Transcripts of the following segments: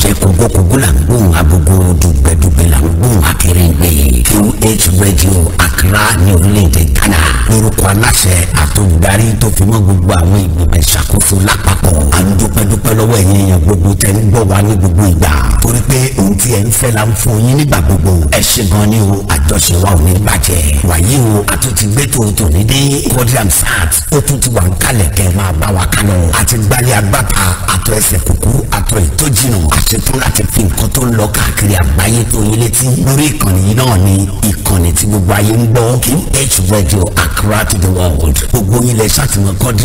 jẹ́ kógókógó là ń gbóhùn agogo dùn. Accra ní orílẹ̀-èdè Ghana lórúkọ aláṣẹ àtolùdarí tó fi mọ́ gbogbo àwọn ìgbìmọ̀ ìṣàkóso lápapọ̀ à ń dúpẹ́dúpẹ́ lọ́wọ́ ẹ̀yin èèyàn gbogbo tẹ́ ń gbọ́ wa ní gbogbo ìgbà torí pé ohun tí ẹ̀ ń fẹ́ la ń fún yín nígbà gbogbo ẹ ṣe gan ni o àjọṣe wa ò ní bàjẹ́ wàyí o a tún ti gbé tòótọ́ ní dé kọ́díàm sat ó tún ti wà ń kalẹ̀ kẹ́ máa bá wa kánú àti gbalẹ̀ agbáta àtọ ẹsẹ̀ kúkú àtọ ìtójìnà àṣetún láti fi nǹkan tó ń lọ káàkiri àgbáyé tó yín lórí ìkànnì náà ni ìkànnì tí gbogbo ayé ń gbọ́ H radio Accra to the world gbogbo yín lè ṣàtìmọ̀ kọ́dí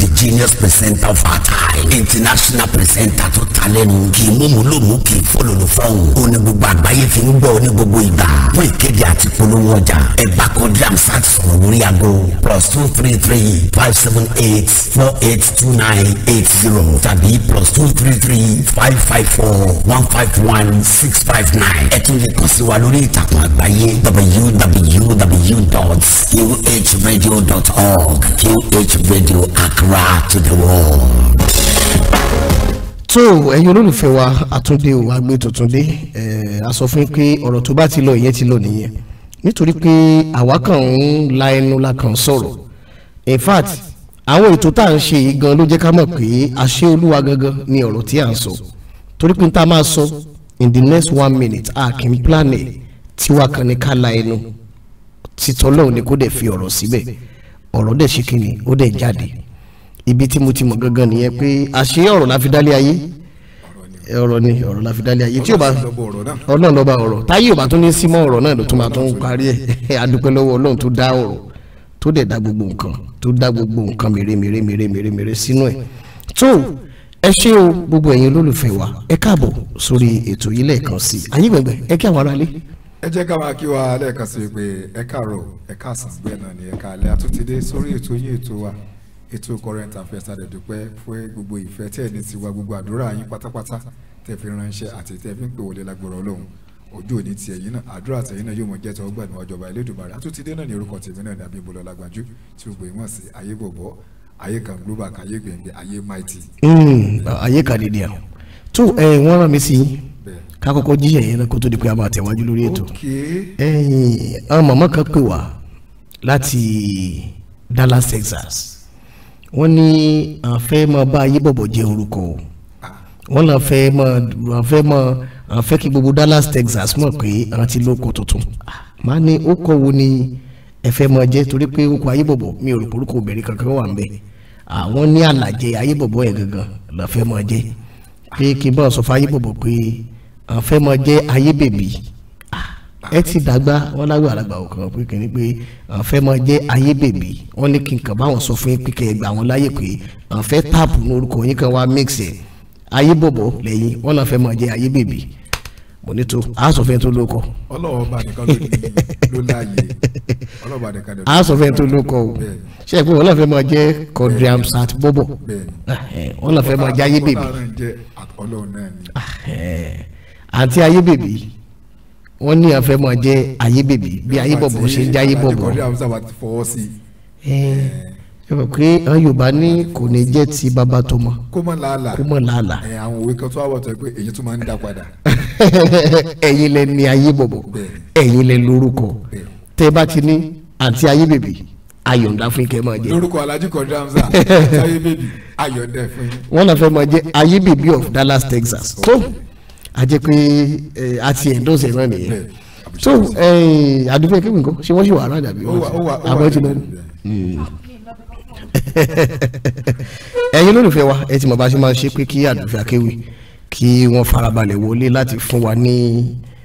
the genius presenter of our time international presenter tó ta lẹ́nu kì í múmu lòmú kì í fọlọ́lọ́ fọ́hùn ó ní gbogbo àgbáyé fi ń gbọ́ ní gbogbo ìgbà fún ìkéde àti polówó ọjà ẹ bá kọ́dí amsat sọ̀rọ̀ lórí aago plus two three three five seven eight four eight two nine eight zero tàbí plus two three three five five four one five one six five nine ẹ tún lè kàn sí wa lórí ìtàkùn àgbáyé www www.qhradio.org QH Radio Accra to the world. tó ẹ̀yin olólùfẹ́ wa àtúndé o àgbẹ̀ tuntun dé a sọ fún pé ọ̀rọ̀ tó bá ti lọ ìyẹn ti lọ nìyẹn nítorí pé àwa kàn ń la ẹnu la kàn sọ̀rọ̀ in fact àwọn ètò tá à ń ṣe yìí gan ló jẹ́ ká mọ̀ pé àṣẹ olúwa gangan ni ọ̀rọ̀ tí à ń sọ torí pé n ta máa sọ in the next one minute a kì í plan ẹ̀ tiwa kan ní ká la ẹnu títọ́ lọ́hùn ni kó dẹ̀ fi ọ̀rọ̀ síbẹ̀ ọ̀rọ̀ dẹ̀ ṣe kínni ó dẹ̀ jáde ibi tí mo ti mọ̀ gangan nìyẹn pé àṣé ọ̀rọ̀ la fi dálé ayé ọ̀rọ̀ ni ọ̀rọ̀ la fi dálé ayé tí o bá ọlọ́run lọ́ba ọ̀rọ̀ táyé o bá tún ní símọ́ ọ̀rọ̀ náà ló tún máa tún parí ẹ̀ adúpẹ́ lọ́wọ́ ọlọ́run tó dá ọ̀rọ̀ tó dẹ̀ dá gbogbo nǹkan tó dá gbogbo nǹkan mèrè mèrè mèrè mèrè mèrè sínú ẹ̀ tó ẹ ṣé o gbogbo ẹ̀yin olólùfẹ́ wa ẹ káàbọ̀ sórí ètò yìí lẹ́ẹ̀kan sí ayé gbẹ̀gbẹ̀ ẹ kí àwọn aráalé ẹ jẹ́ ká máa kí wa lẹ́ẹ̀kan sí pé ẹ káàárọ̀ ẹ káàsán bẹ́ẹ̀ náà ni ẹ káalẹ́ a tún ti dé sórí ètò yín ètò wa ètò current affairs a dẹ̀ dúpẹ́ fún gbogbo ìfẹ́ tẹ́ ẹ ní tiwa gbogbo àdúrà yín pátápátá tẹ́ fi ránṣẹ́ àti tẹ́ fi ń pè wọlé lágbára Ọlọ́run ojú òní tiẹ̀ yín náà àdúrà tẹ̀yìn náà yóò mọ jẹ́ tọ́gbà ní ọjọba Elédùmarè àtúntìdé náà ní orúkọ tèmi náà ní Abímbọ́lá Lágbájú tí gbogbo ìwọ̀n sí ayé bọ̀bọ̀ ayé kan global kan ayé gbẹ̀ngbẹ̀ ayé mighty. Hmm, ayé kan nìyẹn tó ẹ eh, wọ́n rán mi sí i ká kọ́kọ́ jí ẹ̀yìn náà kó tó di pé a máa tẹ̀wájú lórí ètò ẹ̀yìn àwọn màmá kan pè wá láti Dallas Texas wọ́n ní àwọn fẹ́ máa bá ayé bọ̀bọ̀ jẹ́ orúkọ o ah. wọ́n lọ fẹ́ mọ àwọn fẹ́ mọ àwọn fẹ́ kí gbogbo Dallas Texas mọ̀ pé àwọn ti lóko tuntun màá ní ó kọ wo ni ẹ fẹ́ mọ jẹ́ torí pé ó kọ ayébọ̀bọ̀ mi ò rò pé orúkọ obìnrin kankan wà ń bẹ̀ àwọn ah, ní àlàjẹ ayébọ̀bọ̀ yẹn gangan lọ fẹ́ mọ jẹ́ pé kí n bọ̀ sọ fún ayébòbò pé àfẹ́ mọ jẹ́ ayébèbí ẹ ti dàgbà wọn lágbà àlàgbà òkan pé kìíní pé àfẹ́ mọ jẹ́ ayébèbí wọn ní kí n kàn báwọn sọ fún yín pé kẹ́ ẹ gbà wọn láyè pé àfẹ́ táàpù ní orúkọ yín kan wá mix ẹ̀ ayébòbò lẹ́yìn wọn náà fẹ́ mọ jẹ́ ayébèbí mo ní tó asòfin tó lóko. ọlọ́wọ́ bá nìkan ló láàyè ọlọ́wọ́ bá nìkan ló ní láàyè. asòfin tó lóko o ṣe é pé wọn náà fẹ́ máa jẹ́ kọ́ndíàm sat bọ́bọ̀ ah, eh, wọn náà fẹ́ máa jẹ́ ayébèbí àti ah, eh, ayébèbí wọn ní àfẹ́ máa jẹ́ ayébèbí bí ayébọ̀bọ̀ ṣe ń jẹ́ ayébọ̀bọ̀ yọ̀rọ̀ eh, pé àwọn yorùbá ní kò ní jẹ́ ti bàbá tó mọ̀ kó mọ̀ làálà kó mọ̀ làálà. ẹ àwọn òwe kan tó wà wọ̀tọ̀ pé èyí tó máa ń dá padà. ẹ̀yin lẹ ní ayé bọ̀bọ̀ ẹ̀yin lẹ lórúkọ tẹ́ bá ti ní àǹtí ayé bèbí ayọ̀ǹda fún kẹ́ máa jẹ. lórúkọ alhaji kọjá hamza ayé bèbí ayọ̀ǹda fún yín. wọ́n náà fẹ́ máa jẹ ayé bèbí of Dallas Texas So, a jẹ́ pé a ti endorse ẹ̀ náà nìyẹn tó àdúgbò kí nǹkan ṣé wọ́n ṣì wà rádà bí wọ́n àbọ̀ ti lẹ́nu. ẹ̀yin lólùfẹ́ wa ẹ ti mọ̀ bá ṣe máa ṣe pé kí àdúgbò akéwì kí wọ́n farabalẹ̀ wọlé láti fún wa ní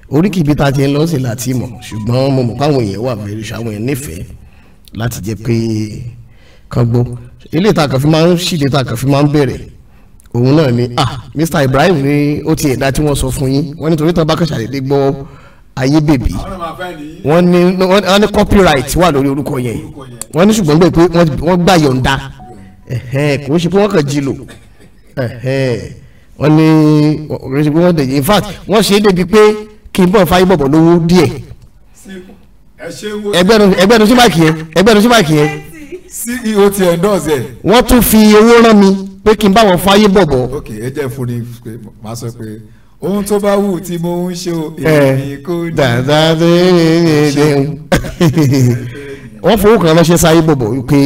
oríkì ibi tá a ti ń lọ sí láti mọ̀ ṣùgbọ́n mo mọ̀ pé àwọn èèyàn wà very sure àwọn èèyàn nífẹ̀ẹ́ láti jẹ́ pé kán gbọ́ ilé ìta kan fi máa ń ṣìlẹ̀ ìta kan fi máa ń bẹ̀rẹ̀ òun náà ni ah Mr Ibrahim ni ó ti ẹ̀dá tí wọ́n sọ fún yín wọ́n nítorí tán bá kàn ṣàdédé gbọ́ ayé bèbí wọ́n ní wọ́n ní copyright wà lórí orúkọ yẹn wọ́n ní ṣùgbọ́n gbé pé wọ́n gbà yọ̀ǹda kò ń ṣe pé wọ́n kàn jí lò wọ́n ní wọ́n ṣe pé wọ́n in fact wọ́n ṣe é débi pé kí n bọ̀ fáyé bọ̀bọ̀ lówó díẹ̀ ẹgbẹ́nu sí máàkì yẹn ẹgbẹ́nu sí máàkì yẹn. ceo ti endorse ẹ. wọ́n tún fi owó rán mi pé kí n bá wọn fáyé bọ̀bọ̀. ok ẹ jẹ́ fún ni màá sọ pé ohun tó bá wù tí mo ń ṣe o èmi eh, kò ní. dàda dé dé dé wọ́n fowó kan lọ́ṣẹ́ sáyé bọ̀bọ̀ pé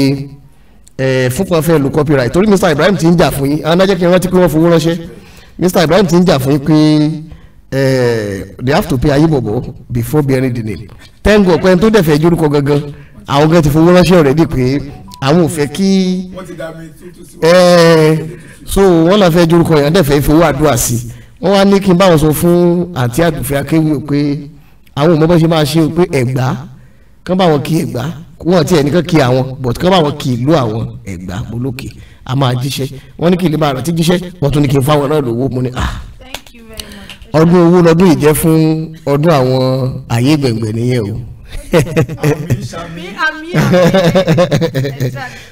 fúnpọ̀ fẹ́ lu copyright torí Mr Ibrahim ti ń jà fún yín àwọn adájọ́ kí n rántí pé wọ́n fowó ránṣẹ́ Mr Ibrahim ti ń jà fún yín pé. Eh, they have to pay ayíbọ̀bọ̀ before bearing the name thank God pẹ́ẹ́n tó dẹ̀ fẹ́ jórúkọ gangan àwọn gan ti fowó ránṣẹ́ already pé àwọn ò fẹ́ kí eh, so wọ́n náà fẹ́ jórúkọ yẹn dẹ̀ fẹ́ fowó àdúrà sí wọ́n wá ní kí n báwọn sọ fún àti àdùfẹ́ akéwì pé àwọn òmùbọ́n ṣe máa ṣe o pé ẹ̀gbá kán bá wọn kí ẹ̀gbá wọn ti ẹnìkan kí àwọn but kán bá wọn kí ìlú àwọn ẹ̀gbá olókè a máa jíṣẹ́ wọ́n ní kí ìlú máa rántí jíṣẹ́ wọ́n tún ní kí n fáwọn náà lówó mo ní ah ọdún owó lọdún yìí jẹ́ fún ọdún àwọn ayé gbẹ̀ngbẹ̀ nìyẹn o.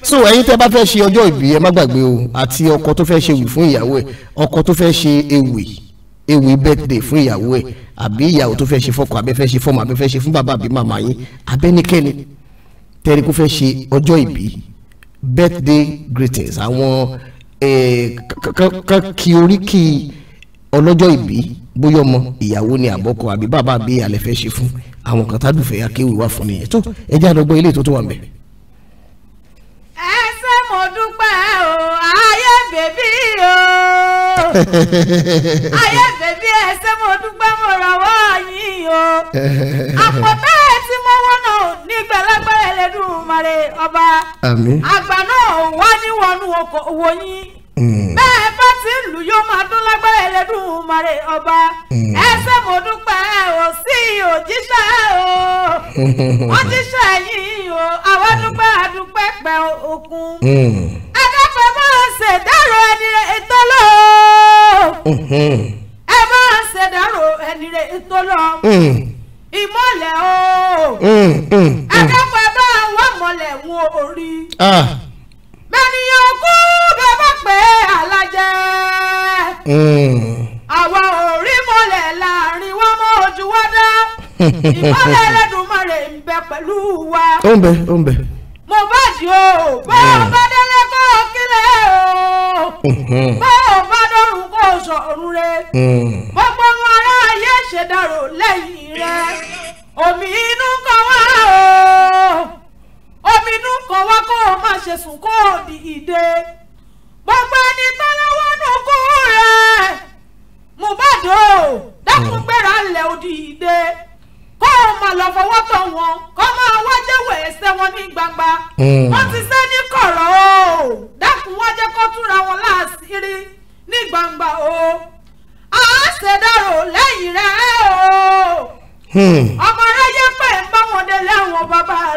so ẹ̀yin tẹ́ bá fẹ́ ṣe ọjọ́ ìbí ẹ má gbàgbé o àti ọkọ tó fẹ́ ṣe ewì fún ìyàwó ẹ̀ ọkọ tó fẹ́ ṣe ewì ewì birthday fún ìyàwó ẹ̀ àbí ìyàwó tó fẹ́ ṣe fọ́kọ abẹ́ fẹ́ ṣe fọ́mọ abẹ́ fẹ́ ṣe fún bàbá àbí màmá yín abẹ́nikẹ́ni tẹ́rí kó fẹ́ ṣe ọjọ́ ìbí birthday greetings àwọn eh, kí oríkì ọlọ́jọ́ ìbí bóyá ọmọ ìyàwó ni àbọ̀kọ àbí bàbá àbí alẹ́ fẹ́ ṣe fún àwọn kan tádùfẹ́ akéwì wà fún nìyẹn tó ẹ jẹ́ àdọ́gbọ́ ilé tó tó wà mẹ́. ẹ ṣé mo dúpẹ́ o ayé bèbí o ayé bèbí ẹ ṣé mo dúpẹ́ mo rọ̀wọ́ yín o àpótá ẹ tí mo wọ́nà nígbà lágbára ẹlẹ́dùn mọ̀rẹ́ ọba àgbà náà wá níwọ̀nù òwò yín. Mm. bẹ́ẹ̀ bá ti ń lù yóò máa dún lágbára Ẹlẹ́dùmarè ọba mm. ẹsẹ̀ mo dúpẹ́ ò sí òjíṣẹ́ o wọ́n ti o àwọn dúpẹ́ àdúpẹ́ pẹ̀ òkun adáfẹ́ mm. máa ṣèdárò ẹni rẹ̀ tó lọ mm-hmm. ẹ máa ṣèdárò ẹni rẹ̀ tó lọ ìmọ̀lẹ̀ o adáfẹ́ bá wà mọ̀lẹ̀ wọn ò bẹ́ẹ̀ni òkú bàbá pé alájẹ. Hmm. àwa ò rí mọ́lẹ̀ láàrin wọn mọ́ ojú wa dá ìmọ́lẹ̀ Ẹlẹ́dùmarè ń bẹ pẹ̀lú wa. ó ń bẹ ó ń bẹ. Mohbad o bá hmm. ọba délé kílẹ̀ o hmm. bá ọba dọ̀rùn sọ̀rùn rẹ̀ gbogbo wọn ará ayé lẹ́yìn rẹ̀ omi inú kan wá o omi inú kan wá kó o má ṣe sùn kó o di ìdè gbogbo ẹni tọ́lọ́wọ́ nù kú rẹ̀ Mohbad o dákun hmm. gbéra ńlẹ̀ odi ìdè kó o má lọ fọwọ́ tọ̀ wọn kó máa wájẹ́ wẹ̀ ẹsẹ̀ wọn ní gbangba wọ́n hmm. ti sẹ́ ní kọ̀rọ̀ o dákun wájẹ́ kó túra wọn láàṣírí ní gbangba o àá ṣèdárò lẹ́yìn rẹ̀ o. Hmm. ọmọ aráyé pẹ̀ ń bá wọn bàbá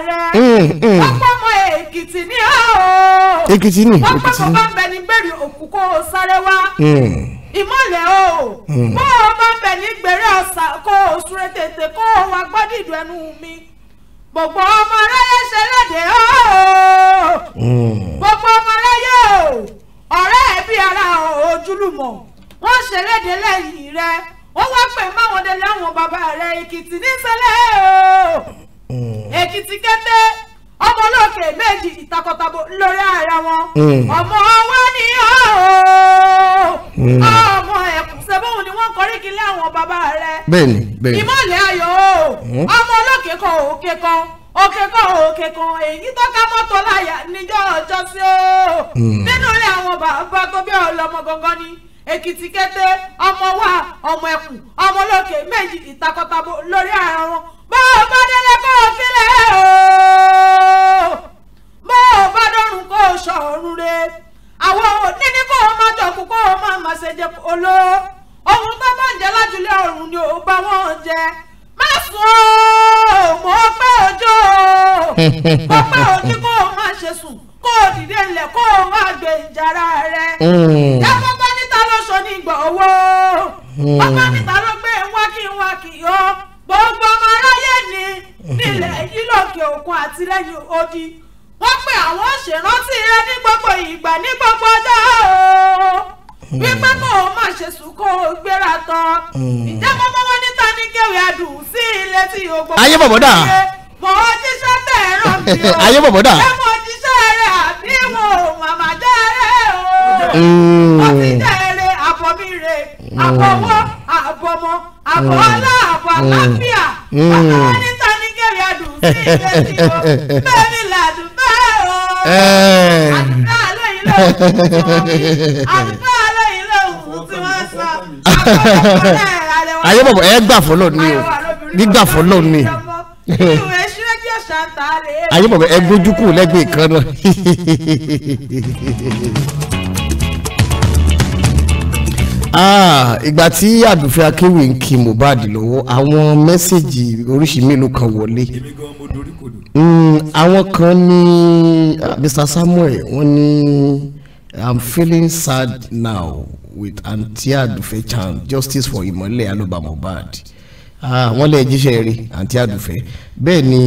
rẹ̀ wọ́n pọ̀ mọ́ èkìtì ní ọ̀ọ́ èkìtì ní wọ́n pọ̀ mọ́ bá ń bẹ ní bẹ̀rẹ̀ òkú kó o sáré wá hmm. ìmọ̀lẹ̀ o hmm. bó o bá ń bẹ ní gbèrè ọ̀sà kó o súré tètè kó o wá gbọ́dìdù ẹnu mi gbogbo ọmọ aráyé ṣe léde ooo gbogbo ọmọ aráyé o ọ̀rẹ́ ẹbí ara ojúlùmọ̀ wọ́n ṣe léde lẹ́yìn rẹ̀ ó wá pè máwọ̀dé láwọn bàbá rẹ̀ èkìtì níṣẹ́lẹ̀ o mm. èkìtì kété ọmọ olókè méjì ìtakọ̀tàbò lórí ara wọn mm. ọmọ wa ni ó mm. ọmọ ẹkùn sẹ́bọ̀n ni wọ́n kọrí kí láwọn bàbá rẹ̀ bẹ́ẹ̀ni bẹ́ẹ̀ni ìmọ̀lẹ̀ ayọ̀ ọmọ olókè kan òkè kan òkè kan òkè kan èyí tó ká mọ́tò láyà níjọ́ ọjọ́ sí o nínú ilé àwọn bàbá tó bí ọlọ́mọ gangan ni. èkìtìkété ọmọ wa ọmọ ẹkùn ọmọ lókè méjì ìtakọtabo lórí ara wọn bó o bá délé kó o kílẹ̀ o bó o bá kó o re àwọn òdíní kó o má kó o má má ṣe jẹ olo ohun tó bá ń jẹ lájúlé ọ̀run ni ò bá ṣe sùn kó o dìde kó o má gbé ta ló sọ ní gbọ̀ owó ọmọ mi ta ló gbé e wá kí gbogbo ọmọ aráyé ni hmm. nílẹ̀ yìí òkun àti lẹ́yìn odi wọ́n pé àwọn ṣèrántí rẹ ní gbogbo ìgbà ní gbogbo ọjọ́ o hmm. wípé kò má ṣe sùkó gbéra tán hmm. ìjẹ́ mọ́mọ́ wọn níta ní kéwì adùn sí ilé tí yóò gbọ́. ayé bọ̀bọ̀ mò ń jíṣẹ́ tẹ̀ mi o. ayé bọ̀bọ̀ dà. ẹ mọ rẹ̀ àbí mo màmá jẹ́rẹ̀ o. Mm. mo ti jẹ́rẹ̀ àbọ̀ mi mm. rè àbọ̀wọ́ àbọ̀mọ́ àbọ̀ọ́lá àbọ̀ àlàáfíà. Mm. bàbá ní tani kẹrì adùn sí ilé tí o bẹ́ẹ̀ ni làdùn bẹ́ẹ̀ o. Eh. àdúrà lóyún lóhùn àdúrà lóyún lóhùn tí wọ́n sọ. ayé bọ̀bọ̀ ẹ gbà fọlọ́ ni gbígbà fọlọ́ ni ayé bàbá ẹ gbójú kù lẹ́gbẹ̀ẹ́ kan náà. Ah, ìgbà tí àdùfẹ́ akéwì ń kí Mohbad lọ́wọ́ àwọn mẹ́sẹ̀gì oríṣi mélòó kan wọlé hmm, àwọn kan ní ah, Mr Samuel wọ́n ní I'm feeling sad now with Auntie adufe chan justice for Imole Aloba Mohbad. Ah, wọ́n lè jíṣẹ́ rẹ̀ àǹtí àdùfẹ́ bẹ́ẹ̀ ni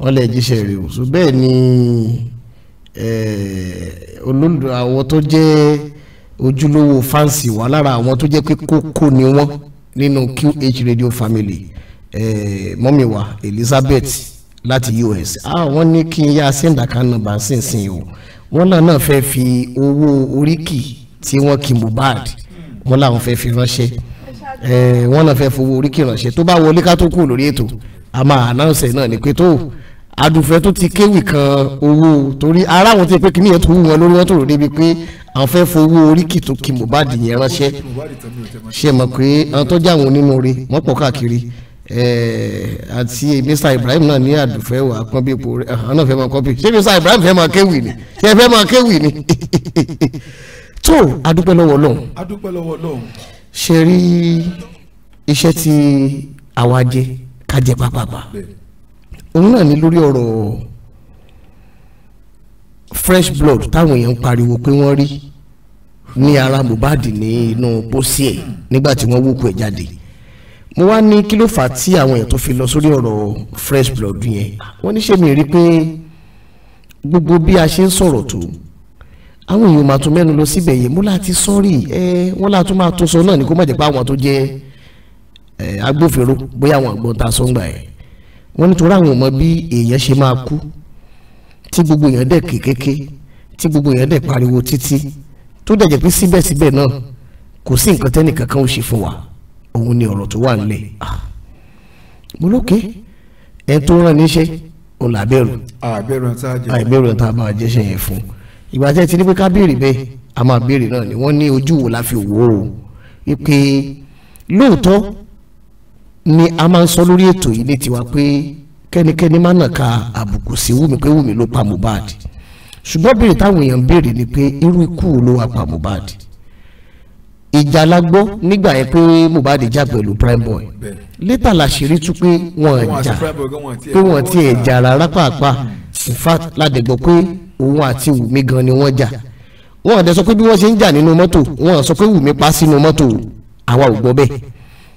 wọ́n lè jíṣẹ́ rẹ̀ o so bẹ́ẹ̀ ni eh, olóńdó àwọn tó jẹ́ ojúlówó fáǹsì wà lára àwọn tó jẹ́ pé kókó ni wọ́n nínú QH radio family eh, mọ́mí Elizabeth láti US àwọn ah, ní kí n yá sẹ́ńdàkà nọ́mbà sínsìn o wọ́n náà náà fẹ́ fi owó oríkì tí wọ́n kí Mohbad wọ́n làwọn fẹ́ fi ránṣẹ́ wọ́n náà fẹ́ fowó orí kìràn ṣe tó bá wọlé ká tó kù lórí ètò a máa ànáǹsẹ̀ náà ní pé tó adùnfẹ́ tó ti kéwì kan owó torí ara àwọn tó yẹ pé kí nìyẹn tó wù wọn lórí wọn tó rò débi pé àwọn fẹ́ fowó orí kì tó kí Mohbad yẹn ránṣẹ́ ṣe mọ̀ pé àwọn tó jáwọn onínúure wọ́n pọ̀ káàkiri àti mr ibrahim náà ní àdùfẹ́ wà pọ́n bí ipò rẹ̀ àwọn náà fẹ́ máa kọ́pì ṣé mr ibrahim fẹ́ máa kéwì ni ṣé fẹ́ máa kéwì ni tó adúpẹ́ lọ́wọ́ Ọlọ́run. adúpẹ́ lọ́wọ́ Ọlọ́run ṣe rí iṣẹ́ tí àwa jẹ ká jẹ pàápàá òun náà ni lórí ọ̀rọ̀ fresh blood táwọn èèyàn ń pariwo pé wọ́n rí ní ara Mohbad ní inú pósí ẹ̀ nígbà tí wọ́n wúkú ẹ̀ jáde mo wá ní kí ló fà á tí àwọn èèyàn tó fi lọ sórí ọ̀rọ̀ fresh blood yẹn wọ́n ní ṣé mi rí pé gbogbo bí a ṣe ń sọ̀rọ̀ tó àwọn èèyàn máa tún mẹ́nu lọ síbẹ̀ yìí mo láti sọ́ọ̀rì ẹ wọ́n láti máa tún sọ náà ni kó má jẹ́ pé àwọn tó jẹ́ agbófinró bóyá àwọn àgbọn ta sọ́ngbà ẹ̀ wọ́n nítorí àwọn ọmọ bí èèyàn ṣe máa kú tí gbogbo èèyàn dẹ̀ kékeré tí gbogbo èèyàn dẹ̀ pariwo títí tó dẹ̀ jẹ́ pé síbẹ̀síbẹ̀ náà kò sí nǹkan tẹ́nì kankan ò ṣe fún wa òun ni ọ̀rọ̀ tó wà nílẹ̀ ah. mo lókè ẹ tó rán níṣẹ́ òun làbẹ̀rù àìbẹ̀rù tá a ìgbà tẹ́ ti ní pé ká béèrè bẹ́ẹ̀ a máa béèrè náà ni wọ́n ní ojú wo la fi wò ó wípé lóòótọ́ ni a máa ń sọ lórí ètò yìí ní tiwa pé kẹ́nikẹ́ni má nàka àbùkù sí Wùmí pé Wùmí ló pa Mohbad ṣùgbọ́n béèrè táwọn èèyàn ń béèrè ni pé irú ikú wo ló wá pa Mohbad ìjà la gbọ́ nígbà yẹn pé Mohbad jà pẹ̀lú Prime Boy létà làṣírí tú pé wọ́n jà pé wọ́n tiẹ̀ jà rárá pàápàá in ládẹ́gbọ́ pé òun àti wùmí gan ni wọ́n jà wọn àdẹ sọ pé bí wọ́n ṣe ń jà nínú mọ́tò wọn sọ pé wùmí pa sínú mọ́tò àwa ò gbọ́ bẹ́ẹ̀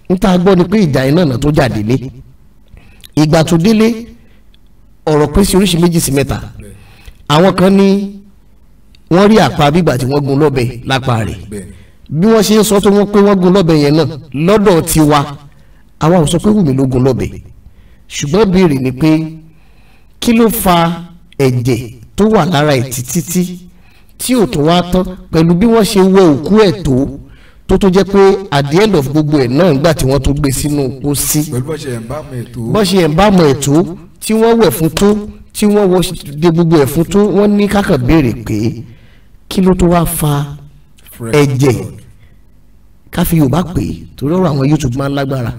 níta gbọ́ ni pé ìjà iná náà tó jà délé ìgbà tó délé ọ̀rọ̀ pé sí oríṣi méjì sí mẹ́ta àwọn kan ní wọ́n rí àpá bígbà tí wọ́n gún lọ́bẹ lápá rẹ̀ bí wọ́n ṣe ń sọ tó wọ́n pé wọ́n gún lọ́bẹ yẹn náà lọ́dọ̀ tiwa àwa ò sọ pé wùmí ló gún lọ́bẹ ṣùgbọ́n béèrè ni pé kí ló fa ẹ̀jẹ̀ tó wà lára ẹ̀ títí tí ò tó wá tán pẹ̀lú bí wọ́n ṣe wẹ òkú ẹ̀ tó tó tó jẹ́ pé at the end of gbogbo ẹ̀ náà nígbà tí wọ́n tó gbé sínú pósí bọ́ṣe ẹ̀ ń bá mọ̀ ẹ̀ tó tí wọ́n wẹ̀ fún tó tí wọ́n wọ de gbogbo ẹ̀ fún tó wọ́n ní kákà béèrè pé kí ló tó wá fa ẹ̀jẹ̀ káfí Yorùbá pé torí ọ̀rọ̀ àwọn YouTube máa ń lágbára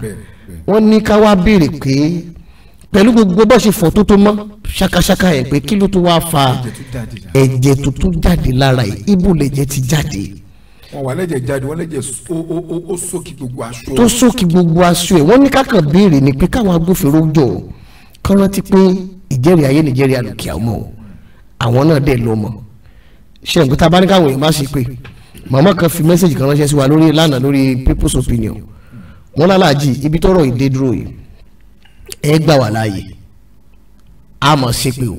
wọ́n ní ká wá béèrè pé pẹ̀lú gbogbo bó ṣe fọ̀ tó tó mọ́ ṣakaṣaka yẹn pé kí ló tó wá fa ẹ̀jẹ̀ tó tún jáde lára yìí ibo ti jáde. wọn wà lẹ́jẹ̀ jáde wọn lẹ́jẹ̀ ó sókè gbogbo aṣọ. tó sókè gbogbo aṣọ ẹ̀ wọ́n ní kákan béèrè ni pé káwọn agbófinró jọ kán rántí pé ìjẹ́rìí ayé nìjẹ́rìí àlùkìá mọ́ àwọn náà dẹ̀ lọ mọ́ ṣe nǹkan tá bá ní káwọn èèyàn má ṣe pé màmá kan fi mẹ́sẹ̀jì people's opinion wọ́n lálàájì ibi tọ́rọ̀ ẹ gbà wá láàyè a mọ̀ sí pé o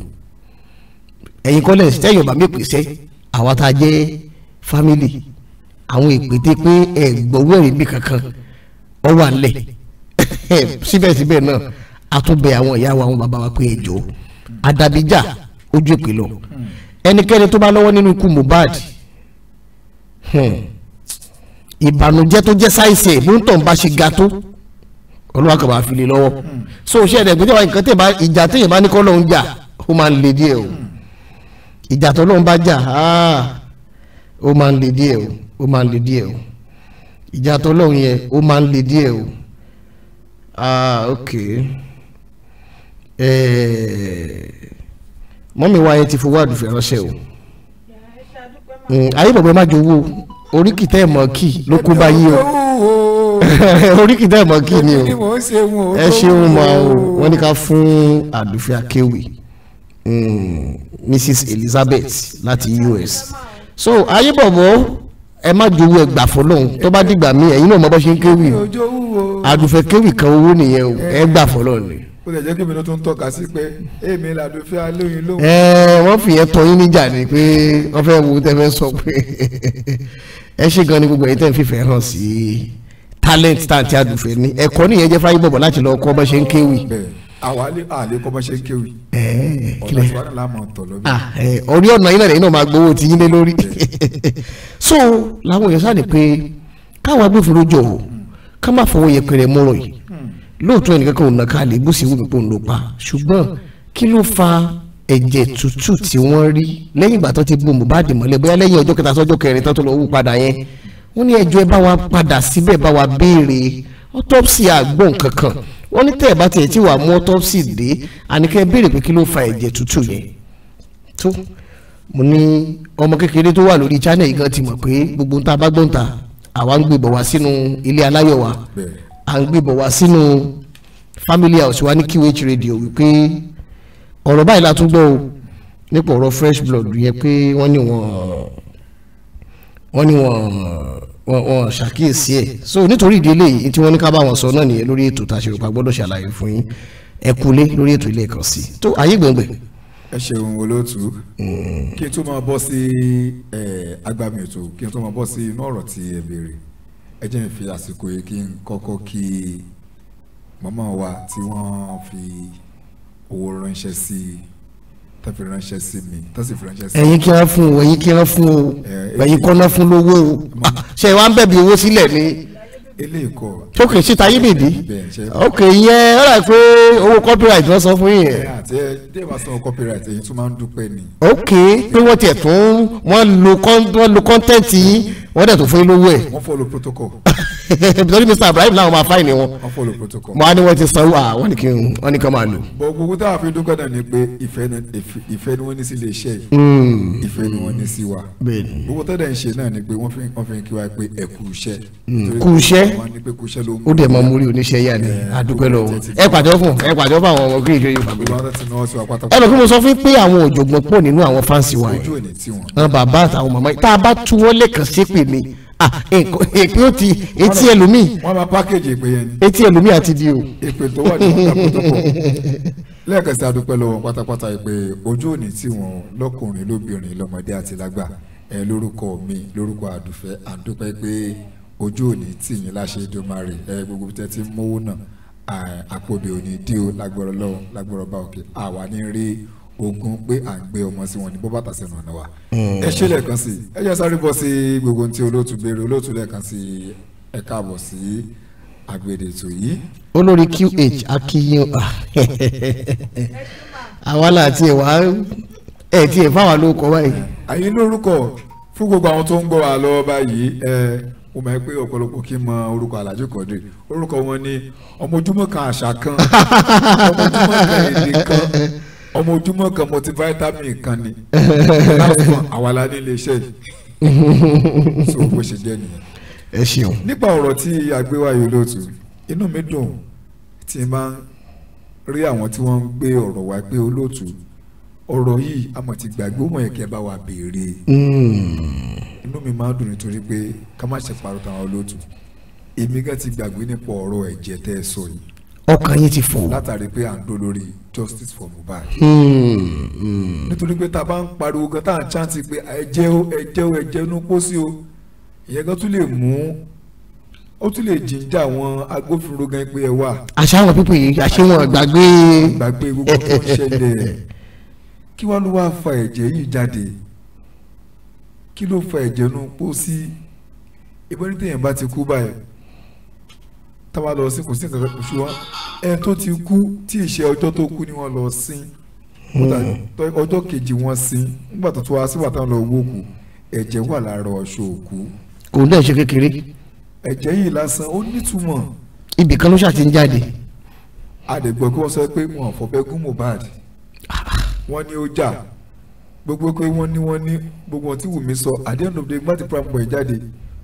ẹ̀yin kọ́lẹ̀ sẹ́yìn ọba mi pèsè àwa tá a jẹ́ fámìlì àwọn ìpètè pé ẹ̀ gbọ́wọ́ ẹ̀rí mi kankan ọ wà nílẹ̀ síbẹ̀síbẹ̀ náà a tún bẹ àwọn ìyá àwọn bàbá wa pé ẹ jọ̀ọ́ adabija ojú èpè lọ ẹnikẹ́ni tó bá lọ́wọ́ nínú ikú Mohbad hmm, ìbànújẹ́ tó jẹ́ sáìsì ẹ̀ ló ń tàn bá ṣe ga tó olúwa kò bá fi lè lọ́wọ́ hmm. so ṣé ẹ̀dẹ̀ gbẹ́jọba nǹkan tẹ̀ bá ìjà tẹ̀yẹ̀ bá ní kọ́ lóun jà ó máa ń le díẹ̀ o hmm. ìjà tó lóun bá jà ó máa ń le díẹ̀ o ó máa ń le díẹ̀ o ìjà tó lóun yẹn ó máa ń le díẹ̀ o ah ok mọ́mí wa yẹn ti fowó àdùfẹ́ ránṣẹ́ o hmm, ayé bàbá má jowó oríkì tẹ́ mọ́ kì ló kó bá o oríkì dẹ́ mọ́ kí ni o ẹ ṣeun ma o wọ́n ní ká fún àdùfẹ́ akéwì Mrs mm, Elizabeth láti US so ayébọ̀bọ̀ ẹ má jowó ẹ gbà fọlọ́hún tó bá dìgbà mí ẹ̀yin náà mọ bá ṣe ń kéwì o àdùfẹ́ kéwì kan owó nìyẹn o ẹ gbà fọlọ́hún ni ó lè jẹ́ kí mi ló tún tọ́ka sí pé èmi làdúfẹ́ alóyin lóhùn. ẹ wọ́n fìyẹn tọ́ yín níjà ni pé wọ́n fẹ́ wo tẹ́ fẹ́ sọ pé ẹ ṣe gan ni gbogbo ẹ̀yin tẹ́ ń fìfẹ́ sí i talent tanti adufe ni ẹ̀kọ́ nìyẹn jẹ́ fáyé bọ̀bọ̀ láti lọ kọ́ bá ṣe ń kéwì. àwa àlè kọ́ bá ṣe ń kéwì ọ̀nà tí wàá lámọ̀ ọ̀tọ̀ lọ́bí. Ah, orí ọ̀nà yìí náà máa gbowó ti yín lé lórí. so làwọn èèyàn sáà ní pé káwọn agbófinró jọ o ká má fọwọ́ yẹpẹrẹ mọ́rọ̀ yìí hmm. lóòótọ́ ẹnìkan kan ò nà ká lè bó sì wù mí pé òun ló pa ṣùgbọ́n kí ló fa ẹ̀jẹ̀ tútù tí wọ́n rí lẹ́yìn ìgbà tó ti bu Mohbad mọ́lẹ̀ bóyá lẹ́yìn ọjọ́ kẹta sọ́jọ́ kẹrin tó lọ wù padà yẹn wọ́n ní ẹjọ́ ẹ bá wa padà síbẹ̀ bá wa béèrè autopsy àgbọn kankan wọ́n ní tẹ́ ẹ̀ bá tiẹ̀ tí wàá mú autopsy dé àníkẹ́ béèrè pé kí ló fa ẹ̀jẹ̀ tútù yẹn tó mo ní ọmọ kékeré tó wà lórí channel yìí gan ti mọ̀ pé gbogbo ń bá gbọ́n àwa ń gbébọ̀ wá sínú ilé aláyọ̀ wa à ń gbébọ̀ wá sínú family house wa ní QH radio wípé ọ̀rọ̀ báyìí la tún nípa ọ̀rọ̀ fresh blood yẹn pé wọ́n ní wọ́n wọ́n ní wọ́n wọ́n ṣàkíyèsí ẹ̀ so nítorí ìdílé yìí tí wọ́n ní ká bá wọn sọ náà nìyẹn lórí ètò tá a ṣe rò pa gbọ́dọ̀ ṣàlàyé fún yín ẹ kúlé lórí ètò ilé ẹ̀kọ́ sí tó ayé gbẹ̀ngbẹ̀. ẹ ṣeun olóòtú hmm. kí n tó máa bọ́ sí agbami ètò kí n tó máa bọ́ sí inú ọ̀rọ̀ tí ẹ béèrè ẹ jẹ́ n fi àsìkò yìí kí n kọ́kọ́ kí màmá wa tí wọ́n fi owó ránṣẹ́ sí i tó fi ránṣẹ́ sí mi tó sì fi ránṣẹ́ sí mi. ẹ̀yin kí wọ́n fún o ẹ̀yin kí wọ́n fún o eh, ẹ̀yin kọ́ ná fún lówó o ṣe wá ń bẹ̀bí owó sílẹ̀ ni. ilé ìkọ. sókè síta yí bèbí òkè yẹn ó rà pé owó copyright lọ sọ fún yẹn. àti ẹ díẹ̀ bá sọ copyright èyí tún máa ń dúpẹ́ ni. ok pé wọ́n tiẹ̀ tún wọ́n lo content yín wọ́n dẹ̀ tó fún yín lówó ẹ̀. wọ́n follow protocol. nítorí Mr Ibrahim làwọn máa fáìní wọn mo á ní wọn ti sanwó à ah, wọn ni kí n wọn ni kí n máa lò. bọ̀ gbogbo táwọn fi dúpẹ́ náà ni pé ìfẹ́ ìfẹ́ ni wọ́n ní sí iléeṣẹ́ yìí hmm. ìfẹ́ ni wọ́n ní sí wa gbogbo tó dẹ̀ ń ṣe náà ni pé wọ́n fi wọ́n fi kí wa pé ẹ kú iṣẹ́. Hmm. kú iṣẹ́ ó dẹ̀ máa múrí oníṣẹ́ yá ni àdúpẹ́ lọ ẹ pàjọ́ fún ẹ pàjọ́ fún àwọn ọmọ kí ìjọ yóò gbàgbé. ẹ lọ kí mo sọ fún pé àwọn òjògbọ́n pọ̀ nínú àwọn fáǹsì wa yìí àwọn bàbá àtàwọn màmá yìí tá a bá tú wọ́n lẹ́kàn sí pè mí èpè ah, eh, eh, ó ti etí ẹlòmíì. wọ́n máa pákéjì èpè yẹn ni. etí ẹlòmíì àti di o. èpè tó wà ní ọ̀dà tó pọ̀ lẹ́ẹ̀kan sí adúpẹ́ lọ́wọ́ pátápátá ìpè ojú òní tí wọ́n lọ́kùnrin lóbìnrin lọ́mọdé àti lágbà ẹ lórúkọ mi lórúkọ àdùfẹ́ àdúpẹ́ pé ojú òní tì yín láṣẹ ìdòmarè ẹ gbogbo tẹ́ ti mówó náà àpòbí òní dí o lágbọ̀rọ̀ lọ́wọ́ lágbọ̀rọ̀ bá òkè àwa ní rí ogun pé à ń gbé ọmọ sí wọn ní bọ́bá tàṣẹ̀nù ọ̀nà wa. Hmm. ẹ ṣe lẹ́ẹ̀kan sí ẹ jẹ́ sáré bọ́ sí gbogbo tí olóòtú béèrè olóòtú lẹ́ẹ̀kan sí ẹ káàbọ̀ sí àgbèrè ètò yìí. olórí qh akiyin àwa láti ẹwà ẹ ti ẹ fáwọn lóko báyìí. àyín lórúkọ fún gbogbo àwọn tó ń gbọ́ wa lọ́wọ́ báyìí ẹ mo máa pé ọ̀pọ̀lọpọ̀ kí n mọ orúkọ alájú kọ̀dé orúkọ wọn ni ọmọ ojúmọ́ kan àṣà kan ọmọ ojúmọ́ kan èdè kan ọmọ ojúmọ́ kan multivitamin kan ni lásán àwàlá ní iléeṣẹ́ yìí so bó ṣe jẹ́ nìyẹn. ẹ ṣeun. nípa ọ̀rọ̀ tí agbéwáyé olóòtú inú mi dùn tí n máa rí àwọn tí wọ́n ń gbé ọ̀rọ̀ wá pé olóòtú ọ̀rọ̀ yìí àmọ̀ ti gbàgbé ó mọ̀ yẹ kí bá wa béèrè. Hmm. inú mi máa ń dùn nítorí pé ká má ṣe parọ́ tàwọn olóòtú èmi gan ti gbàgbé nípa ọ̀rọ̀ ẹ̀jẹ̀ tẹ́ ẹ sọ yìí ọkàn yín ti fò. látàrí pé à ń dó lórí justice for Mohbad. Hmm, hmm. nítorí pé tá a bá ń pariwo gan tá à ń chanti pé ẹ̀jẹ̀ o ẹ̀jẹ̀ o ẹ̀jẹ̀ inú pósí o ìyẹn gan tún lè mú ó tún lè jíjà àwọn agbófinró gan pé ẹ wà. àṣà àwọn pípé yìí àṣẹ wọn gbàgbé. gbàgbé gbogbo tó ń ṣẹlẹ̀ kí wọ́n ló wá fa ẹ̀jẹ̀ yìí jáde kí ló fa ẹ̀jẹ̀ inú pósí ìbọn ní tèèyàn bá ti kú báyìí táwa lọ sí kò sí nǹkan kan ṣùgbọ́n ẹni tó ti kú tí ìṣe ọjọ́ tó kú ni wọ́n lọ sí ọjọ́ kejì wọ́n sí nígbà tó tó wá sígbà táwọn lọ wó kù ẹ̀jẹ̀ wà lára ọ̀ṣọ́ òkú. kò ní ẹ̀ṣẹ̀ kékeré. ẹ̀jẹ̀ yìí lásán ó nítumọ̀. ibì kan ló ṣàti ń jáde. àdègbò kí wọ́n sọ pé wọn fọ̀bẹ gún Mohbad wọ́n ní ó jà gbogbo pé wọ́n ní wọ́n ní gbogbo wọn tí Wùmí sọ àdéhùn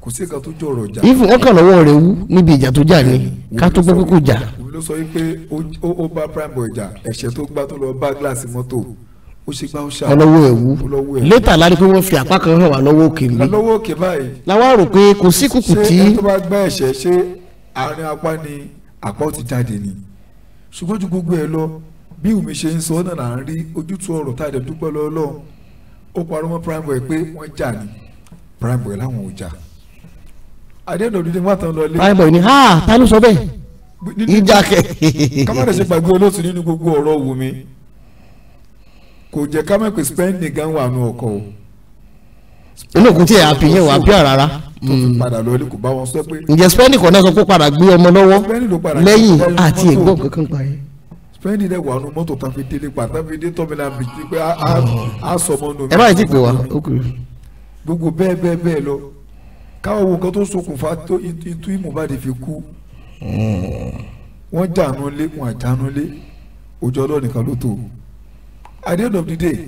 kò sí nǹkan tó jọ ọ̀rọ̀ jà. if wọn kàn lọ́wọ́ wú níbi ìjà tó jà ni ká tó gbọ́ pé kò jà. òbí ló sọ wípé ó bá prime boy jà ẹ̀ṣẹ̀ tó gbá tó lọ bá gíláàsì mọ́tò ó ṣe gbá ó ṣá. ọlọ́wọ́ ẹ̀ wú létà lárí pé wọ́n fi àpá kan hàn wá lọ́wọ́ òkè mi. lọ́wọ́ òkè báyìí. làwa rò pé kò sí kùkù tí. ṣé ẹni tó bá gbá ẹ̀ṣẹ̀ ṣé àárín apá ni àpá ó ti jáde ni ṣùgbọ́n ju gbogbo ẹ lọ bí Wùmí ṣe ń sọ prime boy pé wọ́n prime boy láwọn ò jà àdéhùnòdìdì má tán lọlé. báyìí bọ̀ ni ha ah, ta ló sọ bẹ́ẹ̀ ìjà kẹ. kámẹ́rẹ́ ṣe gbàgbé olóòtú nínú gbogbo ọ̀rọ̀ wù mí kò jẹ́ kámẹ́rẹ́ pé spẹ́ndì gan wà nù ọkọ̀ o. olóògùn tí ẹ̀ àpì yẹn wà bí àràrà. tó fi padà lọ ilé kò bá wọn sọ pé. ǹjẹ́ spẹ́ndì kan náà sọ pé padà gbé ọmọ lọ́wọ́ lẹ́yìn àti ẹ̀gbọ́n kankan pa yẹn spẹ́ndì dẹ̀ wà nù mọ́tò tàfi délé pa tàfi dé tọ́mìnà bìtì pé a sọ mọ́nu. ẹ bá yìí ti pè wá gbogbo bẹ́ẹ̀ bẹ́ẹ̀ bẹ́ẹ̀ lọ káwọn wo nǹkan tó ṣokùnfà tó itú Mohbad fi kú wọ́n jànú lé wọ́n àjànú lé ojú ọlọ́run nìkan ló tó at the end of the day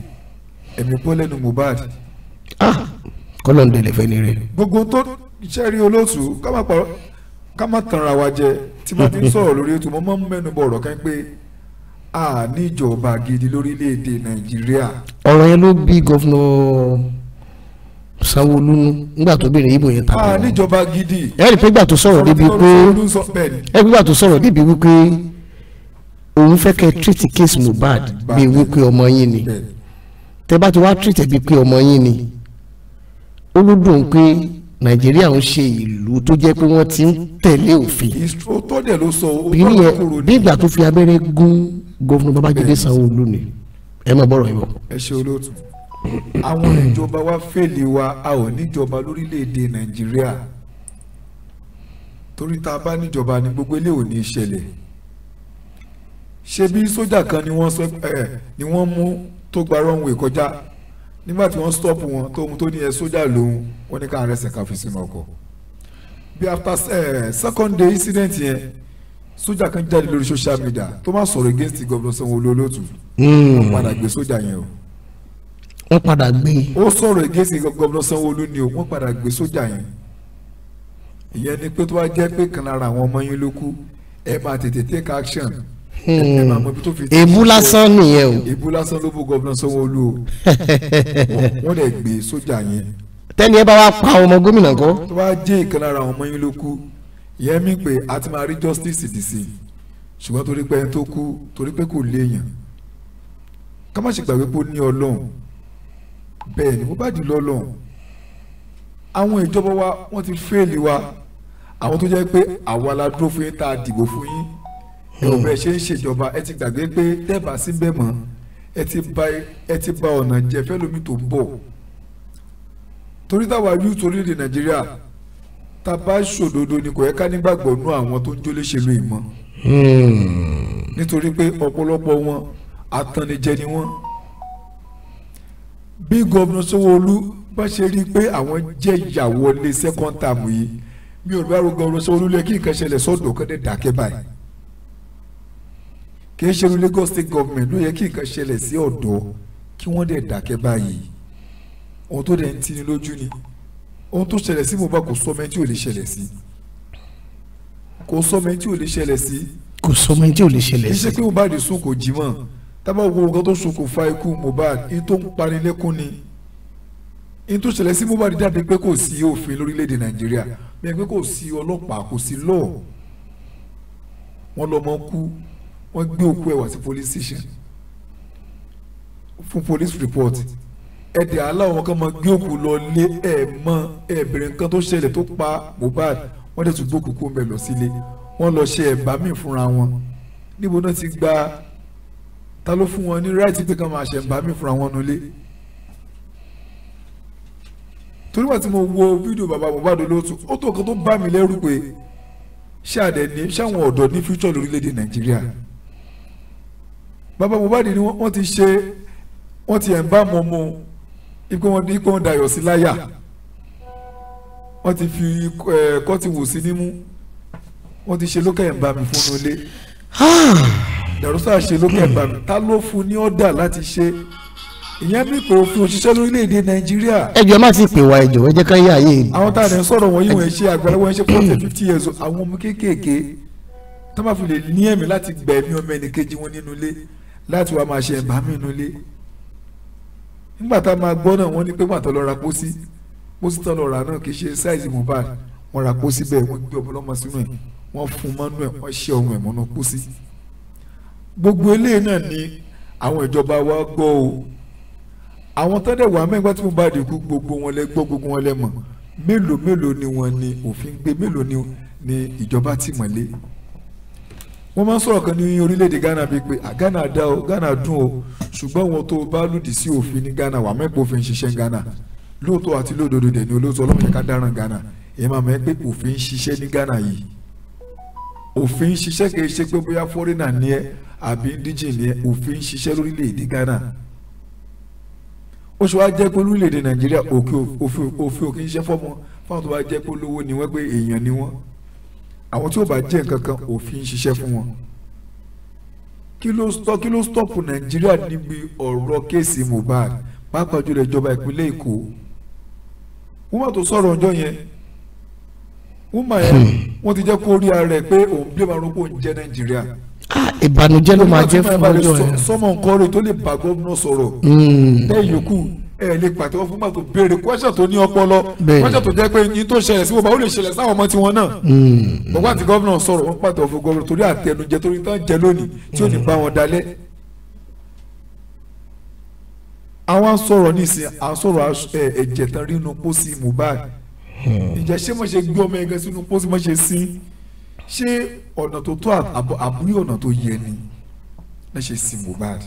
ẹ̀mí bọ́ lẹ́nu Mohbad. Ah, kọ́lọ́ ń délé fẹ́ ni rẹ̀. gbogbo tó iṣẹ́ rí olóòtú ká má tanra wa jẹ tí mo ti ń sọ̀rọ̀ lórí ètò mo máa ń mẹ́nu bọ̀ ọ̀rọ̀ kan pé a níjọba gidi lórílẹ̀‐èdè Nàìjíríà. ọ̀rọ̀ yẹn ló bí gọ́fúnà sanwóolu nígbà tó bèrè ibo yẹn tàbí wọn. Ah, níjọba gidi. ẹ rí i pé gbà tó sọ̀rọ̀ débi pé ẹ rí i tó sọ̀rọ̀ débi wípé òun fẹ́ kẹ́ treat case Mohbad bíi wípé ọmọ yín ni tẹ bá ti wá treat ẹ bíi pé ọmọ yín ni ó ló dùn pé nàìjíríà ń ṣe ìlú tó jẹ́ pé wọ́n ti ń tẹ̀lé òfin. ìṣòtọ́ dẹ̀ ló sọ òótọ́ ló kúrò bí ìgbà tó fi abẹ́rẹ́ gún gómìnà babájídé sanwóolu ni ẹ má bọ̀rọ̀ yìí bọ̀. ẹ ṣe olóòtú àwọn ìjọba wa fèlè wa a ò níjọba lórílẹ̀‐èdè nàìjíríà torí tá a bá níjọba ni gbogbo ilé ò ní í ṣẹlẹ̀ ṣebí sójà kan ni wọ́n sọ ẹ̀ ni wọ́n mú tó gba runway kọjá nígbà tí wọ́n stop wọn tó ohun tó ní ẹ sójà lòun wọ́n ní ká arẹ́sẹ̀ ká fi sínú ọkọ̀ bí after uh, second day incident yẹn sójà kan jáde lórí social media tó má sọ̀rọ̀ against gómìnà Sanwó-Olú olóòtú hmm. wọ́n padà gbé sójà yẹn o wọ́n padà gbé e. ó sọ̀rọ̀ ìgésì gọ́vnà sanwó-olu ni o wọ́n padà gbé sójà yẹn ìyẹn ni pé tó bá jẹ́ pé kan lára àwọn ọmọ yín ló kú ẹ máa tètè take action. Hmm. èbú lásán nìyẹn o. èbú lásán ló bú gọ́vnà sanwó-olu o wọ́n lè gbé sójà yẹn. tẹ́ni ẹ bá wá pa ọmọ gómìnà kọ́. tó bá jẹ́ ìkan lára àwọn ọmọ yín ló kú ìyẹn mi pé a ti máa rí justice dì sí ṣùgbọ́n torí pé ẹni tó kú torí pé kò léèyàn ká má ṣe gbàgbé pé ó ní ọlọ́run bẹ́ẹ̀ ni Mohbad lọ lọ́hùn àwọn ìjọba wa wọ́n ti fẹ́ẹ̀lì wa àwọn tó jẹ́ pé àwa la fún yín tá a dìbò fún yín ẹ ò bẹ́ẹ̀ ṣe ń ṣèjọba ẹ ti gbàgbé pé tẹ́ẹ̀bà síbẹ̀ mọ́ ẹ ti ba ọ̀nà jẹ fẹ́lómi tó ń bọ̀ torí táwa yú torí èdè Nàìjíríà tá a bá ṣòdodo ni kò yẹ ká nígbàgbọ́ nú àwọn tó ń jólé ṣe lóyún mọ́ hmm. nítorí pé ọ̀pọ̀lọpọ̀ wọn atannijẹ ni wọ́n bí gómìnà Sanwó-Olú bá ṣe rí i pé àwọn jẹ́ ìyàwó ilé second term yìí mi ò bá ro gómìnà Sanwó-Olú lẹ kí nǹkan ṣẹlẹ̀ sọ́dọ̀ kọ́dẹ̀ dákẹ́ báyìí kì í ṣe irú Lagos state government ló yẹ kí nǹkan ṣẹlẹ̀ sí ọ̀dọ́ kí wọ́n dẹ̀ dákẹ́ báyìí ohun tó dẹ̀ ń tini lójú ni ohun tó ṣẹlẹ̀ sí Mohbad kò sọ́mẹ́ tí ò lè ṣẹlẹ̀ sí kò sọ́mẹ́ tí ò lè ṣẹlẹ̀ sí kò sọ́mẹ́ tí ò lè ṣẹlẹ̀ sí kì í ṣe pé Mohbad sùn kò jí mọ́ tábà wo nǹkan tó ṣokùnfà ikú Mohbad in tó ń parilẹ́kùn ni in tó ṣẹlẹ̀ sí Mohbad dàbí pé kò sí òfin lórílẹ̀‐èdè Nàìjíríà bẹ́ẹ̀ pé kò sí ọlọ́pàá kò sí lọ́ọ̀ wọ́n lọ́mọ kú wọ́n gbé òkú ẹ̀ sí police station fún police report ẹ̀dẹ̀ aláwọ̀ kan máa gbé òkú lọ lé ẹ̀ mọ́ ẹ̀ bẹ̀rẹ̀ nǹkan tó ṣẹlẹ̀ tó pa Mohbad wọ́n dẹ̀ tún gbókùnkùn bẹ̀ lọ sílé wọ́n lọ ṣe ẹ̀bá míì fúnra wọn níbo náà ti gba ta ló fún wọn ní ráìtì pé ká máa ṣẹ̀ ń bá mi fúnra wọn nulẹ̀ torí wà tí mo wo fídíò bàbá Mohbad lóòótọ́ ó tó nǹkan tó bá mi lẹ́rù pé ṣáàdẹ̀ ní ṣáwọn ọ̀dọ́ ní future lórílẹ̀‐èdè Nàìjíríà bàbá Mohbad ni wọ́n ti ṣe wọ́n ti ẹ̀ ń bá mọ́ mọ́ ipò wọn ní ipò wọn dayọ̀ sí láyà wọ́n ti fi kọ́tì wò sí nímú wọ́n ti ṣe lókè ẹ̀ mi fún un lé. Dàrúsà ṣe lókè ẹ̀gbà mi ta ló fún ní ọ̀dà láti ṣe ìyẹn bí kò fi òṣìṣẹ́ lórílẹ̀‐èdè Nàìjíríà. ẹjọ́ má sì pè wá ẹjọ́ ẹ jẹ́ yá ayé. àwọn tá a lè sọ̀rọ̀ wọ̀nyí wọ̀nyí ṣe àgbàlá wọ̀nyí ṣe pọ́ọ̀tẹ̀ fifty years àwọn ọmọ kéékèèké tó má fi lè ní ẹ̀mí láti gba ẹ̀mí ọmọ ẹnìkejì wọn nínú ilé láti wá máa ṣe ẹ̀bá mi nínú ilé. nígbà tá a máa gbọ́ náà wọ́n ní pé pàtó lọ ra pósí pósí tán lọ rà náà kì í ṣe size Mohbad wọ́n ra pósí bẹ́ẹ̀ wọ́n gbé ọmọ lọ́mọ sínú gbogbo eléyìí náà ni àwọn ìjọba wa gbọ́ o àwọn tó dẹ̀ wà mẹ́gbà tí mo bá dìkú gbogbo wọn lẹ gbọ́ gbogbo wọn lẹ mọ̀ mélòó mélòó ni wọn ni òfin gbé mélòó ni ni ìjọba ti mọ̀lé wọ́n máa ń sọ̀rọ̀ kan ní orílẹ̀-èdè Ghana bíi pé Ghana dá o Ghana dùn o ṣùgbọ́n wọn tó bá lòdì sí òfin ní Ghana wà mẹ́pọ̀ òfin ṣiṣẹ́ Ghana lóòótọ́ àti lódodo dẹ̀ ni olóòótọ́ ọlọ́run yẹn ká dáràn Ghana èyí máa mẹ́ òfin ṣiṣẹ́ ní Ghana yìí òfin ṣiṣẹ́ kì í ṣe pé bóyá fọ́rínà ni ẹ àbí díjì ni ẹ òfin ṣiṣẹ́ lórílẹ̀‐èdè Ghana ó ṣe wá jẹ́ pé lórílẹ̀‐èdè Nàìjíríà òfin òkè ń fọ́mọ fáwọn tó bá jẹ́ pé lówó ni wọ́n pé èèyàn ni wọ́n àwọn tí ò bá jẹ́ nǹkan kan òfin ń ṣiṣẹ́ fún wọn kí ló stọ kí ló stọpù Nàìjíríà níbi ọ̀rọ̀ kéèsì Mohbad pàápàá jùlọ ìjọba ìpínlẹ̀ Èkó wọ́n má tó sọ̀rọ̀ ọjọ́ yẹn wúmà yẹn hmm. wọ́n ti jẹ́ kó rí ara rẹ̀ pé òun bí ma rọ́pò ń jẹ́ nàìjíríà. Ah, ìbànújẹ́ ló máa jẹ́ fún ọjọ́ yẹn. sọmọ nǹkan rẹ̀ tó lè bá gómìnà sọ̀rọ̀ hmm. bẹ́ẹ̀ yòókù ẹ lè pàtẹ́wọ́ fún màtó béèrè kwẹ́sà tó ní ọpọlọ kwẹ́sà tó jẹ́ pé yín tó ṣẹlẹ̀ sí wọn bá ó lè ṣẹlẹ̀ sáwọn ọmọ tiwọn náà. bọ́gbà tí gómìnà sọ̀rọ̀ wọ́n pàtẹ́wọ́ fún gómìnà torí àtẹnujẹ torí tán jẹ lónìí tí ò ní bá wọn dalẹ̀ àwọn sọ̀rọ̀ nísìn àsọ̀rọ̀ ẹ̀jẹ̀ tán rí pósí Mohbad ìjẹ́ ṣé mo ṣe gbé ọmọ ẹgbẹ́ sínú pósí mo ṣe sí ṣé ọ̀nà tó tó àbúrí ọ̀nà tó yẹ ni lè ṣe sí Mohbad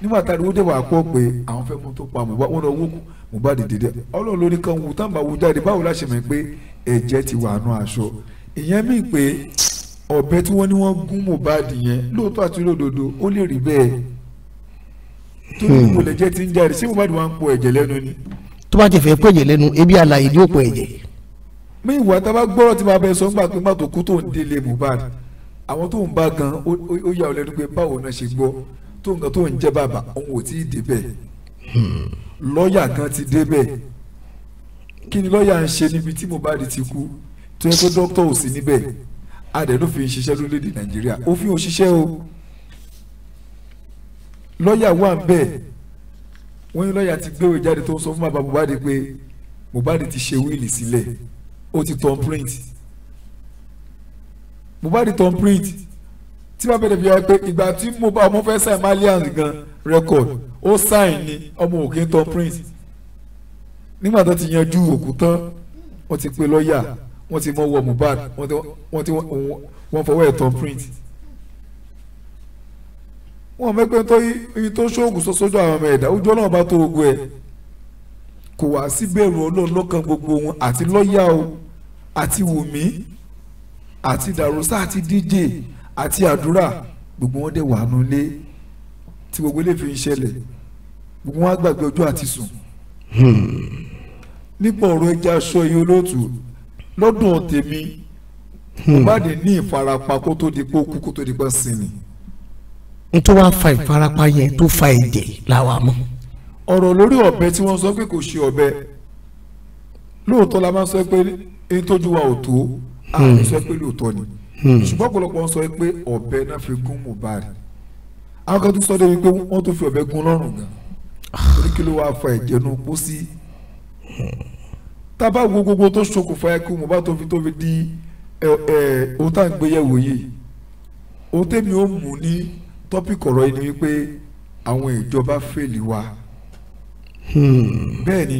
nígbà tá a dúró dé wà á kọ́ pé àwọn fẹ́ mú tó pa Mohbad wọn lọ wó Mohbad dídé ọlọ́run ló ní kan wò táwọn bá wo jáde báwo la ṣe mọ̀ pé ẹ̀jẹ̀ ti wà nù aṣọ ìyẹn mí pé ọ̀bẹ tí wọ́n ní wọ́n gún Mohbad yẹn lóòótọ́ àti lódodo ó lè rí bẹ́ẹ̀ tó ní ìwòlẹ̀jẹ̀ ti ń jáde ṣé Mohbad wà ń po ẹ̀jẹ̀ lẹ́nu ni bá ti fẹ́ pèjè lẹ́nu ebi àlàyé yóò pè jẹ. mi ìwà tá a bá gbọ́rọ̀ tí màá bẹ sọ nígbà pé màtò kú tó ń délé Mohbad àwọn tó ń bá gan ó yà ọ lẹ́nu pé báwo náà ṣe gbọ́ tó nǹkan tó ń jẹ́ bàbá òun ò tí ì débẹ̀ lọ́ọ̀yà kan ti débẹ̀ kí ni lọ́ọ̀yà ń ṣe níbi tí Mohbad ti kú tó yẹ kó dókítà ò sí níbẹ̀ adẹ̀lófin ń ṣiṣẹ́ lórílẹ̀‐èdè Nàìjíríà òfin ò o lọ́ọ̀yà wà ń bẹ́ẹ̀ wọ́n ní lọ́ọ̀yà ti gbéwèé jáde tó ń sọ fún bàbá Mohbad pé Mohbad ti ṣe wíìlì sílẹ̀ ó ti tọ́n print Mohbad tọ́n print tí bàbá rẹ̀ fi yára pé ìgbà tí ọmọ fẹ́ sign malian gan record ó sign ni ọmọ òkè tọ́n print nígbà tó ti yanjú òkú tán wọ́n ti pe lọ́ọ̀yà wọ́n ti mọ̀ wọ Mohbad wọ́n ti wọ́n fọwọ́ ẹ̀ tọ́n print wọn mẹ́gbẹ́ tó yí tó ṣoògùn sọ sójú àwọn ọmọ ẹ̀dá ojú ọlọ́run bá tó ogun ẹ̀ kò wá síbẹ̀rù ọlọ́run lọ́kàn gbogbo wọn àti lọ́ọ̀yà o àti wùmí àti dàrúsá àti dj àti àdúrà gbogbo wọn dẹ̀ wà nulẹ̀ tí gbogbo ilé fi ń ṣẹlẹ̀ gbogbo wọn á gbàgbé ojú àti sùn. Hmm. nípa ọ̀rọ̀ ẹja aṣọ yìí olóòtú lọ́dún tèmi hmm. mo ní ìfarapa kó tó di pé ó kú kó tó di pé sinmi n tó wáá fa ìfarapa yẹn tó fa ẹ̀jẹ̀ làwa mọ̀. ọ̀rọ̀ lórí ọ̀bẹ tí wọ́n sọ pé kò ṣe ọ̀bẹ lóòótọ́ la máa sọ pé ní tójú wa ò tó a lè sọ pé lóòótọ́ ni hmm. ṣùgbọ́n ọ̀pọ̀lọpọ̀ sọ pé ọ̀bẹ náà fi gún Mohbad àwọn kan tó sọ débi pé wọ́n tó fi ọ̀bẹ gún lọ́rùn gan torí kí ló wáá fa ẹ̀jẹ̀ nu pósí tábà wo gbogbo tó ṣokùnfà ikú Mohbad tó fi tó fi di ohun tá à ń gbéyẹ̀wò yìí ohun tẹ́mi ó mú ní tọ́pìkì ọ̀rọ̀ yìí ni wípé àwọn ìjọba fèlì wa hmm. bẹ́ẹ̀ ni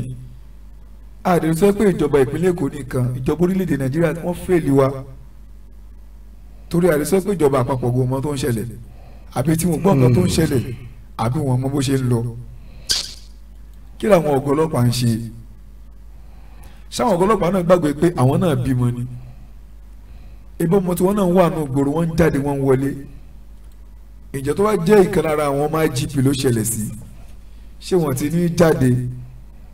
àdéhùn sọ pé ìjọba ìpínlẹ̀ èkó nìkan ìjọba orílẹ̀-èdè nàìjíríà wọ́n fèlì wa torí àdéhùn sọ pé ìjọba àpapọ̀ gbogbo ọmọ tó ń ṣẹlẹ̀ àbí tí wọ́n gbọ́ nǹkan tó ń ṣẹlẹ̀ àbí wọ́n mọ bó ṣe ń lọ kí làwọn ọ̀gá ọlọ́pàá ń ṣe sáwọn ọ̀gá ọlọ́pàá náà gbàgbé pé àwọn náà bímọ ni ebí ọmọ tí náà wà nù gbòòrò wọ́n jáde wọ́n wọlé ìjọ tó bá jẹ́ ìkan lára àwọn ọmọ IGP ló ṣẹlẹ̀ sí ṣé wọ́n ti ní jáde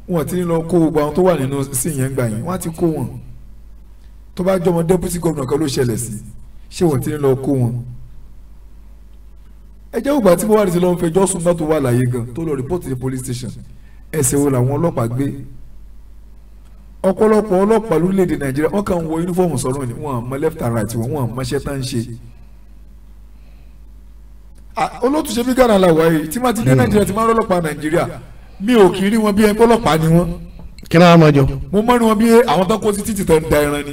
wọ́n ti ní lọ kó gbogbo àwọn tó wà nínú sí yẹn gbà yẹn wọ́n á ti kó wọn tó bá jọmọ deputy governor kan ló ṣẹlẹ̀ sí ṣé wọ́n ti ní lọ kó wọn. ẹ jẹ́ ògbà tí Buhari ti lọ ń fẹjọ́ sùn náà tó wà láyé gan tó lọ rìpọ́tì ní police station ẹsẹ̀ wo làwọn ọlọ́pàá gbé ọ̀pọ̀lọpọ̀ ọlọ́pàá lórílẹ̀‐èdè Nàìjíríà wọ́n kàn ń wọ yunifọ́ọ̀mù sọ́run ni wọ́n á mọ left and Ah, olóòtú ṣe bí Ghana la wáyé tí ma ti dé hmm. Nàìjíríà tí ma rọlọ́pàá Nàìjíríà mi ò kì í rí wọn bí ẹni pọ́lọ́pàá ni wọn. kí ni wọn máa jọ. mo mọ ni wọn bí àwọn tó kó sí títì tó ń da ẹran ni.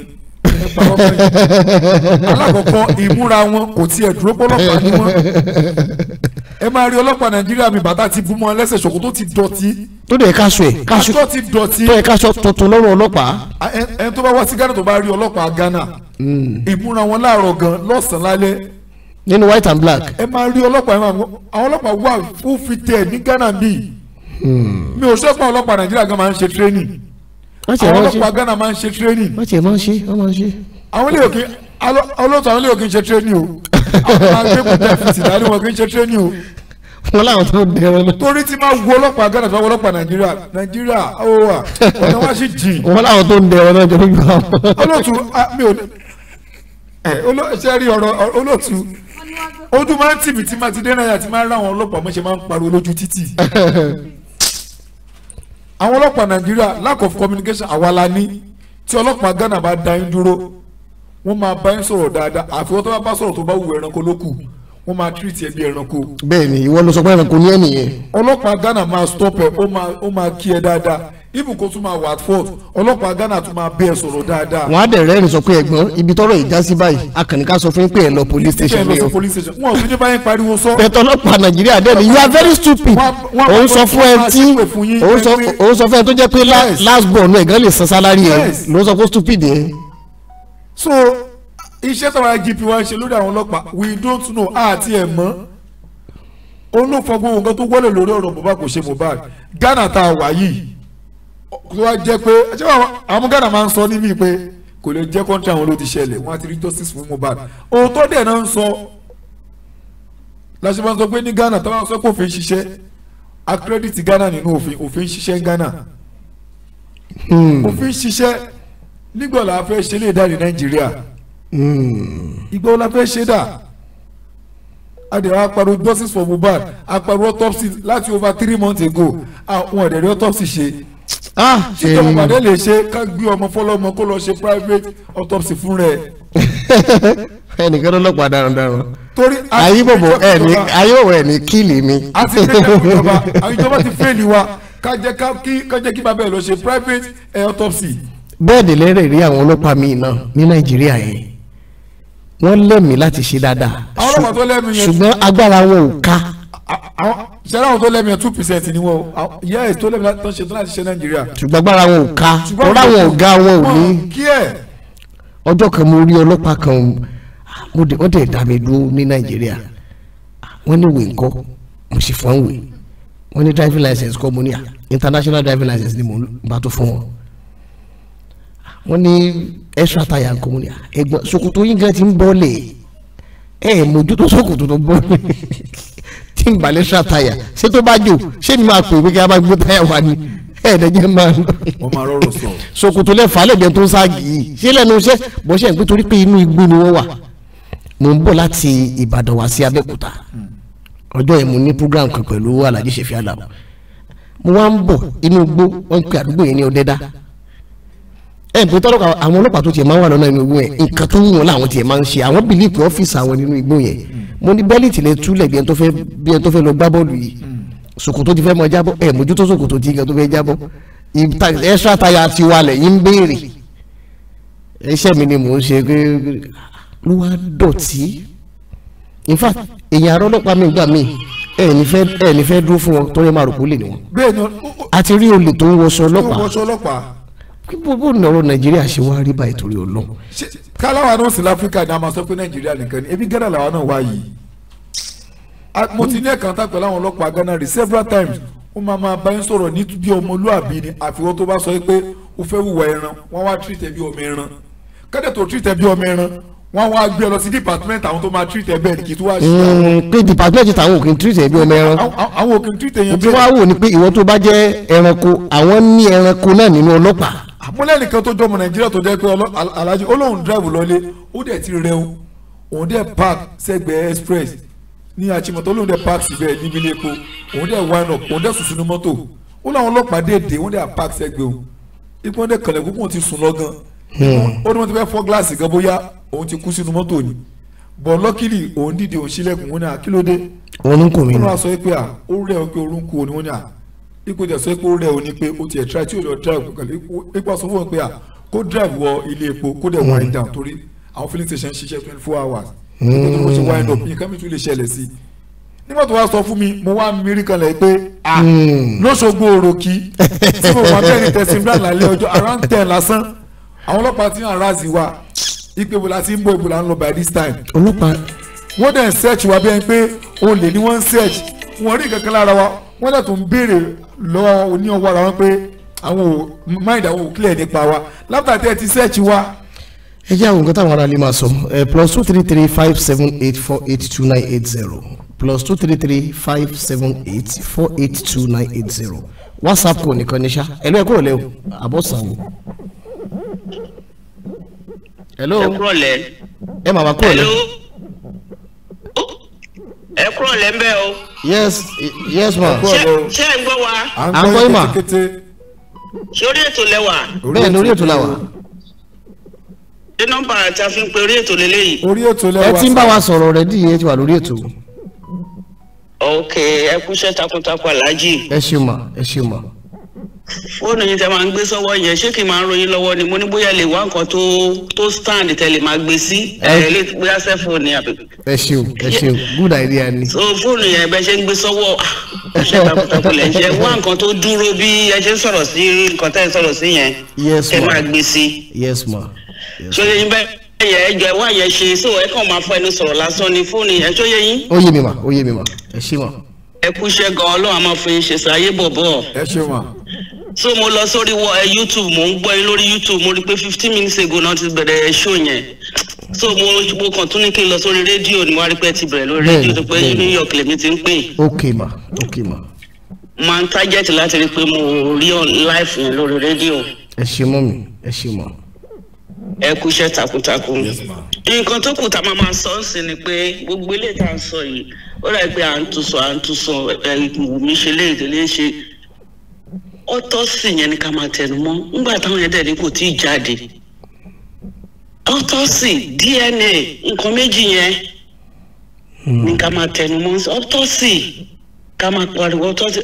alákọ̀ọ́kọ́ ìmúra wọn kò tiẹ̀ dúró pọ́lọ́pàá ni wọn. ẹ máa rí ọlọ́pàá Nàìjíríà mi bàtà ti bú mọ́ ẹlẹ́sẹ̀ ṣòkòtò ti dọ̀tí. tó dẹ̀ káṣọ ẹ̀ káṣọ tó ti dọ̀tí. tó yẹ káṣọ tuntun lọ́rùn ọlọ́pàá. ẹni tó bá wá sí Ghana tó bá rí ọlọ́pàá Ghana hmm. ìmúra wọn láàárọ̀ gan lọ́sàn-án lálẹ́ nínú white and black. ẹ máa rí ọlọ́pàá ẹ máa àwọn ọlọ́pàá wà fún fi tẹ̀ ní Ghana bíi hmm. mi ò sọ pé ọlọ́pàá Nàìjíríà gan máa ń ṣe training àwọn ọlọ́pàá Ghana máa ń ṣe training. wọ́n ti máa ń ṣe wọ́n máa ń ṣe. àwọn ilé òkè olóòtú àwọn ilé òkè ń ṣe training o àwọn agbẹ́kùn tẹ̀ fìtì dáadé wọn kì í ṣe training o. wọn làwọn tó dẹ wọn lọ. torí tí máa wo ọlọ́pàá Ghana tó wọ ọlọ́pàá Nàìjíríà Nàìjíríà ó wà ọ̀nà wá sí jìn. wọn làwọn tó dẹ wọn lọ jọ fún mi. olóòtú mi ò ẹ ṣe rí ọ̀rọ̀ olóòtú ó tún máa ń tìbí tí máa ti dé náírà tí máa ń ráwọn ọlọ́pàá mọ́ṣẹ́ máa ń pariwo lójú títì. àwọn ọlọ́pàá nàìjíríà lack of communication àwa la ní tí ọlọ́pàá Ghana bá dá yín dúró wọ́n máa bá yín sọ̀rọ̀ dáadáa àfi wọ́n tó bá bá sọ̀rọ̀ tó bá wù ẹranko lókù wọ́n máa treat ẹ bí ẹranko. bẹ́ẹ̀ni ìwọ ló sọ pé ẹranko ní ẹnìyẹn. ọlọ́pàá Ghana máa stop ẹ ó máa ó máa kí ẹ dáadáa ibù kó tún máa wà fọ́ọ̀t ọlọ́pàá Ghana tún máa bẹ ẹ sọ̀rọ̀ dáadáa. wọn á dẹ̀ rẹ́rìn sọ pé ẹ̀gbọ́n ibi tọ́rọ̀ ìjà sí báyìí akànníká sọ fún yín pé ẹ lọ police station ni o. wọn ò tún ní báyìí pariwo sọ. tẹ̀tọ́ ọlọ́pàá Nàìjíríà dẹ́ ni you are very stupid. òun sọ fún ẹ tí òun sọ fún ẹ tó jẹ́ pé last born ẹ̀ gan lè san salary ẹ̀ ló sọ fún stupid yẹn. so iṣẹ́ táwọn IGP wa ń ṣe lórí àwọn ọlọ́pàá we don't know àti ẹ̀ mọ́ olófọ gbogbo nǹkan tó wọlé lórí ọ̀rọ̀ Mohbad kò ṣe Mohbad Ghana tá a wà yìí tó wá jẹ́ pé ṣé àwọn Ghana máa ń sọ níbí pé kò lè jẹ́ kọ́ńtì àwọn ló ti ṣẹlẹ̀ wọ́n á ti rí justice fún Mohbad òótọ́ dẹ̀ náà ń sọ láṣẹ máa ń sọ pé ní Ghana táwọn sọ pé òfin ṣiṣẹ́ accredit Ghana nínú òfin òfin ṣiṣẹ́ Ghana hmm. òfin ṣiṣẹ́ nígbà làá fẹ́ ṣe lè dá ní Nàìjíríà ìgbà wo la fẹ́ ṣe dà adìrẹ aparo justice for Mohbad aparo autopsy láti over three months ago àwọn ọ̀dẹ̀rẹ̀ autopsy ṣe ah! ṣe tọmọ pàdé lè ṣe ká gbé ọmọ fọlọmọ kó lọ ṣe private autopsy fún rẹ. ẹnìkan ọlọ́pàá darandaran torí ayébọ̀bọ̀ ẹni ayébọ̀bọ̀ ẹni kílì mi. a ti fẹ́ kí ìjọba àwùjọba ti fẹ́ẹ̀lì wa ká jẹ́ kí bàbá ẹ̀ lọ ṣe private eh, autopsy. bẹ́ẹ̀ ni lẹ́rẹ̀ẹ́ rí àwọn ọlọ́pàá míì náà ní Nàìjíríà yìí wọ́n lẹ́mìí láti ṣe dáadáa ṣùgbọ́n agbára wọn ò ká. ṣẹlẹ àwọn tó lẹ́mìí yẹn two percent ni wọn o yẹ́ẹ̀ tó lẹ́mìí tó ṣe tó láti ṣe nàìjíríà. ṣùgbọ́n agbára wọn ò ká ọ̀rọ̀ àwọn ọ̀gá wọn ò ní. ọjọ́ kan mo rí ọlọ́pàá kan wọ́n dẹ̀ dá mi dúró ní nàìjíríà wọ́n ní ìwé ńkọ́ mo sì fọ́n ìwé wọ́n ní driving license kọ́ mo ní à ah, international driving license ni mo bá tó fún wọn wọ́n ní extra tire nǹkan wọn ni ẹ̀gbọ́n ṣòkòtò yín gan ti ń bọ́ọ̀lẹ̀ ẹ̀ mójútó ṣòkòtò tó bọ́ọ̀lẹ̀ tí ń balẹ̀ extra tire ṣé tó bá jò ṣé mi máa pè é pé kí a bá gbé táyà wá ni ẹ̀ẹ́dẹ́jẹ́ máa ń lọ. wọ́n máa rọrùn sọ. ṣòkòtò lẹ́fà lẹ́gbẹ̀ẹ́ tó ń ságì yìí ṣé lẹ́nu iṣẹ́ bọ́ṣẹ́ ń pé torí pé inú igbó ni wọ́n wà mo ń bọ̀ láti Ìbàdàn wá sí Abẹ́òkúta ọjọ́ yẹn mo program kan pẹ̀lú Alhaji Sefi Alao mo wá ń bọ̀ inú igbó wọ́n ń pe àdúgbò yẹn ní Ọdẹ́dá ẹ n tó tọ́lọ́ àwọn ọlọ́pàá tó tiẹ̀ máa ń wà lọ́nà inú igbó yẹn nǹkan tó wù wọn làwọn tiẹ̀ máa ń ṣe àwọn bìlíìpù ọ́fíìsì àwọn nínú igbó yẹn mo ní bẹ́lí tilẹ̀ túlẹ̀ bí ẹni tó fẹ́ bí ẹni tó fẹ́ lọ gbá bọ́ọ̀lù yìí ṣòkòtò ti fẹ́ mọ jábọ́ ẹ mójútó ṣòkòtò ti gan tó fẹ́ jábọ́ extra tire ti walẹ̀ yìí ń béèrè iṣẹ́ mi ni mò ń ṣe pé ló wá dọ̀tí in fact èèyàn arọ́lọ́pàá mi gbà mí ẹ ní fẹ́ ẹ ní fẹ́ dúró fún wọn torí ẹ máa rò kó lè ní wọn àti rí olè tó ń wọṣọ ọlọ́pàá bó ní ọ̀rọ̀ nàìjíríà ṣe wá rí báyìí torí ọlọ́run. káláwa náà sí láfíríkà ni a máa sọ pé nàìjíríà nìkan ni ebi gánà làwa náà wá yìí mo ti ní ẹ̀kan tá pẹ̀lú àwọn ọlọ́pàá gánà rí several times ó máa máa bá yín sọ̀rọ̀ ní bí ọmọlúàbí ni àfiwọ́ tó bá sọ pé ó fẹ́ wùwà ẹran wọ́n wá treat ẹ bí ọmọ ẹran kẹ́dẹ̀ tó treat ẹ bí ọmọ ẹran wọ́n wá gbé ẹ lọ sí department àwọn tó máa treat ẹ bẹ́ẹ̀ kì í tó wá ṣe. Mm, pé department tàwọn òkè ń treat ẹ bí ọmọ ẹran. àwọn òkè ń treat yẹn bẹ́ẹ̀. òbí wa wò ni pé ìwọ tó bá jẹ́ ẹranko àwọn ní ẹranko náà nínú ọlọ́pàá àmúlẹ̀ nìkan tó jọmọ nàìjíríà tó jẹ́ pé alhaji olóhùn drive lọlé ó dẹ̀ ti rẹun òun dẹ̀ park sẹ́gbẹ̀ẹ́ express ní àtìmọ̀tò olóhùn dẹ̀ park síbẹ̀ níbi ilé epo òun dẹ̀ wind up òun dẹ̀ sùn sínú mọ́tò ó láwọn ọlọ́pàá dèdè òun dẹ̀ park sẹ́gbẹ̀ẹ́ òun ipò dẹ̀ kànlẹ̀ kúkú ti sùn lọ́gán hmm. ó ní wọ́n ti fẹ́ fọ́ gíláàsì gan bóyá òun ti kú sínú mọ́tò ni bọ̀ lọ́kìlì òun dìde òun sílẹ̀kùn òun ní àkílódé òun ń kùn mí ni wọ́n á sọ pé à ó rẹ̀ ọ́ pé orúnkún ni wọ́n ní à ipò tẹ̀ sọ pé ó rẹ̀ ò ní pé ó tiẹ̀ try tí ó lọ drive kankan ipò sọ fún wọn pé à kó drive wọ ilé epo kó dẹ̀ wind down torí àwọn filling station ṣiṣẹ́ twenty four hours nígbà tó wọ́n ṣe wind up hmm. nǹkan mi tún lè ṣẹlẹ̀ sí i nígbà tó wá sọ fún mi mo wá mírí kan lẹ̀ pé à hmm. lóṣogbo òròkì tí mo wà bẹ́ẹ̀ ni tẹ̀sí brand lálẹ́ ọjọ́ around ten lásán àwọn ọlọ́pàá ti hàn razi wa ipe bò láti ń bọ̀ ìbò là ń lọ by this time. ọlọ́pàá. wọ́n dẹ̀ ń search wa bí ẹni pé olè ni wọ́n ń search wọ́n rí kankan lára wa wọ́n dẹ̀ tún béèrè lọ́wọ́ oní ọwọ́ ara wọn pé àwọn ò mind àwọn ò clear nípa wa láfíà tẹ́ ẹ ti search wa. ẹ jẹ́ àwọn nǹkan táwọn ará lè máa sọ plus two three three five seven eight four eight two nine eight zero plus two three three five seven eight four eight two nine eight zero whatsapp kò nìkan ní ṣá ẹ lọ ẹ kúrò lẹ́wọ̀ àbọ̀sàn o hello ẹ kúrò lẹ́ ẹ màmá kúrò lẹ́. ẹ kúrò lẹ́ńbẹ́ o. yes yes ma. ṣé ẹ ń gbọ́ wa. à ń gbọ́ ṣé orí ètò bẹ́ẹ̀ ni orí ètò pe orí ètò lélẹ́yìí. orí ètò wa sọ̀rọ̀ díye ti wà lórí ètò. ok takuntakun aláàjì. ẹ ṣe ẹ fóònù yìí tẹ máa ń gbé sọ́wọ́ yẹn ṣé kí n máa ń ròyìn lọ́wọ́ ni mo ní bóyá lè wá nǹkan tó tó stand tẹlẹ máa gbé sí ẹ bóyá sẹfóònù yẹn àbí. ẹ ṣeun ẹ ṣeun good idea ni. so fóònù yẹn bẹ ṣe ń gbé sọ́wọ́ ah, ṣe takuntakun lẹ ṣe wá nǹkan tó dúró bí ẹ ṣe ń sọ̀rọ̀ sí nǹkan tẹ ẹ sọ̀rọ̀ sí yẹn. yes ma máa gbé sí. yes ma. ṣé yín bẹ́ẹ̀ ẹyẹ ẹjọ ẹwà yẹn ṣe so ẹ kàn máa fọ ẹnu sọ̀rọ̀ lásán ni fóònù yẹn ṣó yé yín. ó yé mi mà ó yé mi mà ẹ ṣé mà. ẹ kú gan-an a máa fún ṣe sáyé bọ̀bọ̀. ẹ ṣé mà so mo lọ sórí eh, youtube mo ń gbọ́ yín lórí youtube mo rí pé fifteen minutes ago náà ti bẹ̀rẹ̀ show yẹn so mo mo kàn tún ní kí n lọ sórí rédíò ni mo rí pé ti bẹ̀rẹ̀ lórí rédíò tó pé new york lèmi ti ń pè. ok ma ok ma. máa ń target láti rí pé mo rí live yẹn lórí rédíò. ẹ ṣe mọ́ mi ẹ ṣe mọ́. ẹ kú iṣẹ́ takuntakun. nǹkan tó kù tá a máa máa sọ ọ́ sí ni pé gbogbo ilé tá à sọ yìí ó rà pé à ń tún sọ à ń tún sọ ẹ̀ autopsy yẹn ni ká máa tẹnu mọ́ nígbà táwọn yẹn dẹ̀ kò tí ì jáde autopsy DNA nǹkan méjì yẹn ní hmm. ká máa tẹnu mọ́ autopsy ká máa pariwo autopsy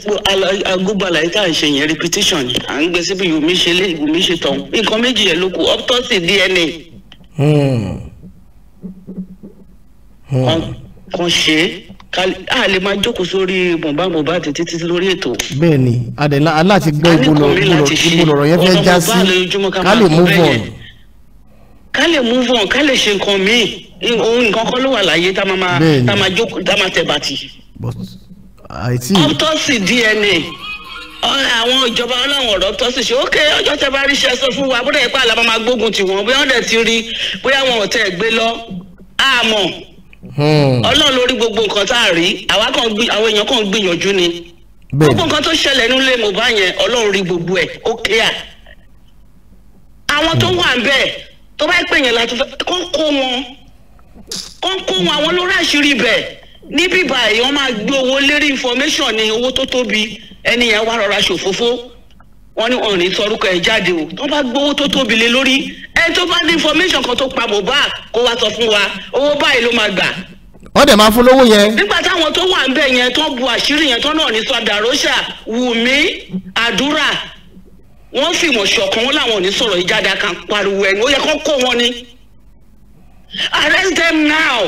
agbógbó àlàyé tá à ń ṣe yẹn repetition à ń gbé síbi yòómi ṣe lé yòómi ṣe tán nǹkan méjì yẹn ló kù autopsy DNA. Hmm. Hmm. kan ṣe é a lè máa jókòó sórí Mohbad Mohbad títí lórí ètò. bẹ́ẹ̀ni adela aláti gbọ́ ibo lọ́rọ̀ yẹn fẹ́ẹ́ já sí ká lè move on. ká lè move on ká lè ṣe nǹkan míì ohun nǹkan kan ló wà láyé tá máa jókòó tá máa tẹ̀ bàtì. autopsy DNA àwọn ìjọba ọlọ́run ọ̀rọ̀ tọ́ sí ṣe ókè ọjọ́ tẹ bá ríṣẹ́ sọ fún wa bóyá ipá àlàmà máa gbógun tiwọn bóyá wọ́n dẹ̀ ti rí bóyá wọn ò tẹ̀ gbé lọ àmọ́. Hmm. ọlọ́run lórí gbogbo nǹkan tá a rí àwọn èèyàn kan gbìyànjú ni gbogbo nǹkan tó ṣẹlẹ̀ nílé Mohbad yẹn ọlọ́run rí gbogbo ẹ̀ ó clear àwọn tó wà ń bẹ̀ tó bá pè yẹn láti fẹ́ kó kó wọn kó kó wọn àwọn lórí àṣírí bẹ̀ ní bíbá wọ́n máa gbé owó lérí information ni owó tó tóbi ẹni yẹn wá rọra ṣòfófó wọ́n ní ọ̀rìn sọrúkọ ẹ̀ jáde o wọ́n bá gbówó tó tóbi lé lórí ẹ tó bá ní information kan tó pa Mohbad kó wá sọ fún wa owó báyìí ló máa gbà. wọ́n dẹ̀ máa fún lówó yẹn. nígbà táwọn tó wà ń bẹ̀ yẹn tó bu àṣírí yẹn tó náà ní sọ dàrósà wùmí àdúrà wọ́n sì mọ̀ ṣọ̀kan wọn làwọn ò ní sọ̀rọ̀ ìjàdá kan pariwo ẹni ó yẹ kó kó wọn ni. arrest them now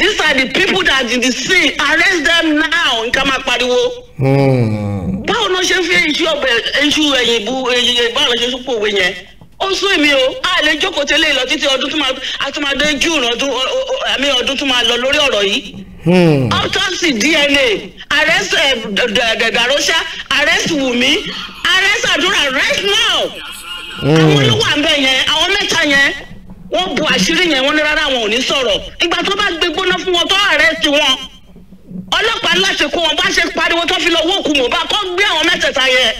these are the people that did the sin arrest them now nǹkan máa pariwo. Hmm. báwo ló ṣe fi iṣu ọbẹ̀ iṣu ẹ̀yìn bu ẹ̀yìn báwo ló ṣe sún pòwe yẹn ó sú èmi o a lè jókòó tẹ́lẹ̀ lọ títí ọdún tó máa a tún máa dé june ọdún àmì ọdún tó máa lọ lórí ọ̀rọ̀ yìí. Hmm. autopsy dna arrest eh, dàrósà arrest wùmí arrest àdúrà right now. Hmm. àwọn olówó àbẹ yẹn àwọn mẹ́ta yẹn wọ́n bu àṣírí yẹn wọ́n ní rárá àwọn ò ní sọ̀rọ̀ ìgbà tó bá gbé gbóná fún wọn tó arrest wọn ọlọ́pàá láti kó wọn bá ṣe pariwo tó fi lọ wọ́ọ̀kù mọ̀ bá kọ́ gbé àwọn mẹ́tẹ̀ẹ̀ta yẹn.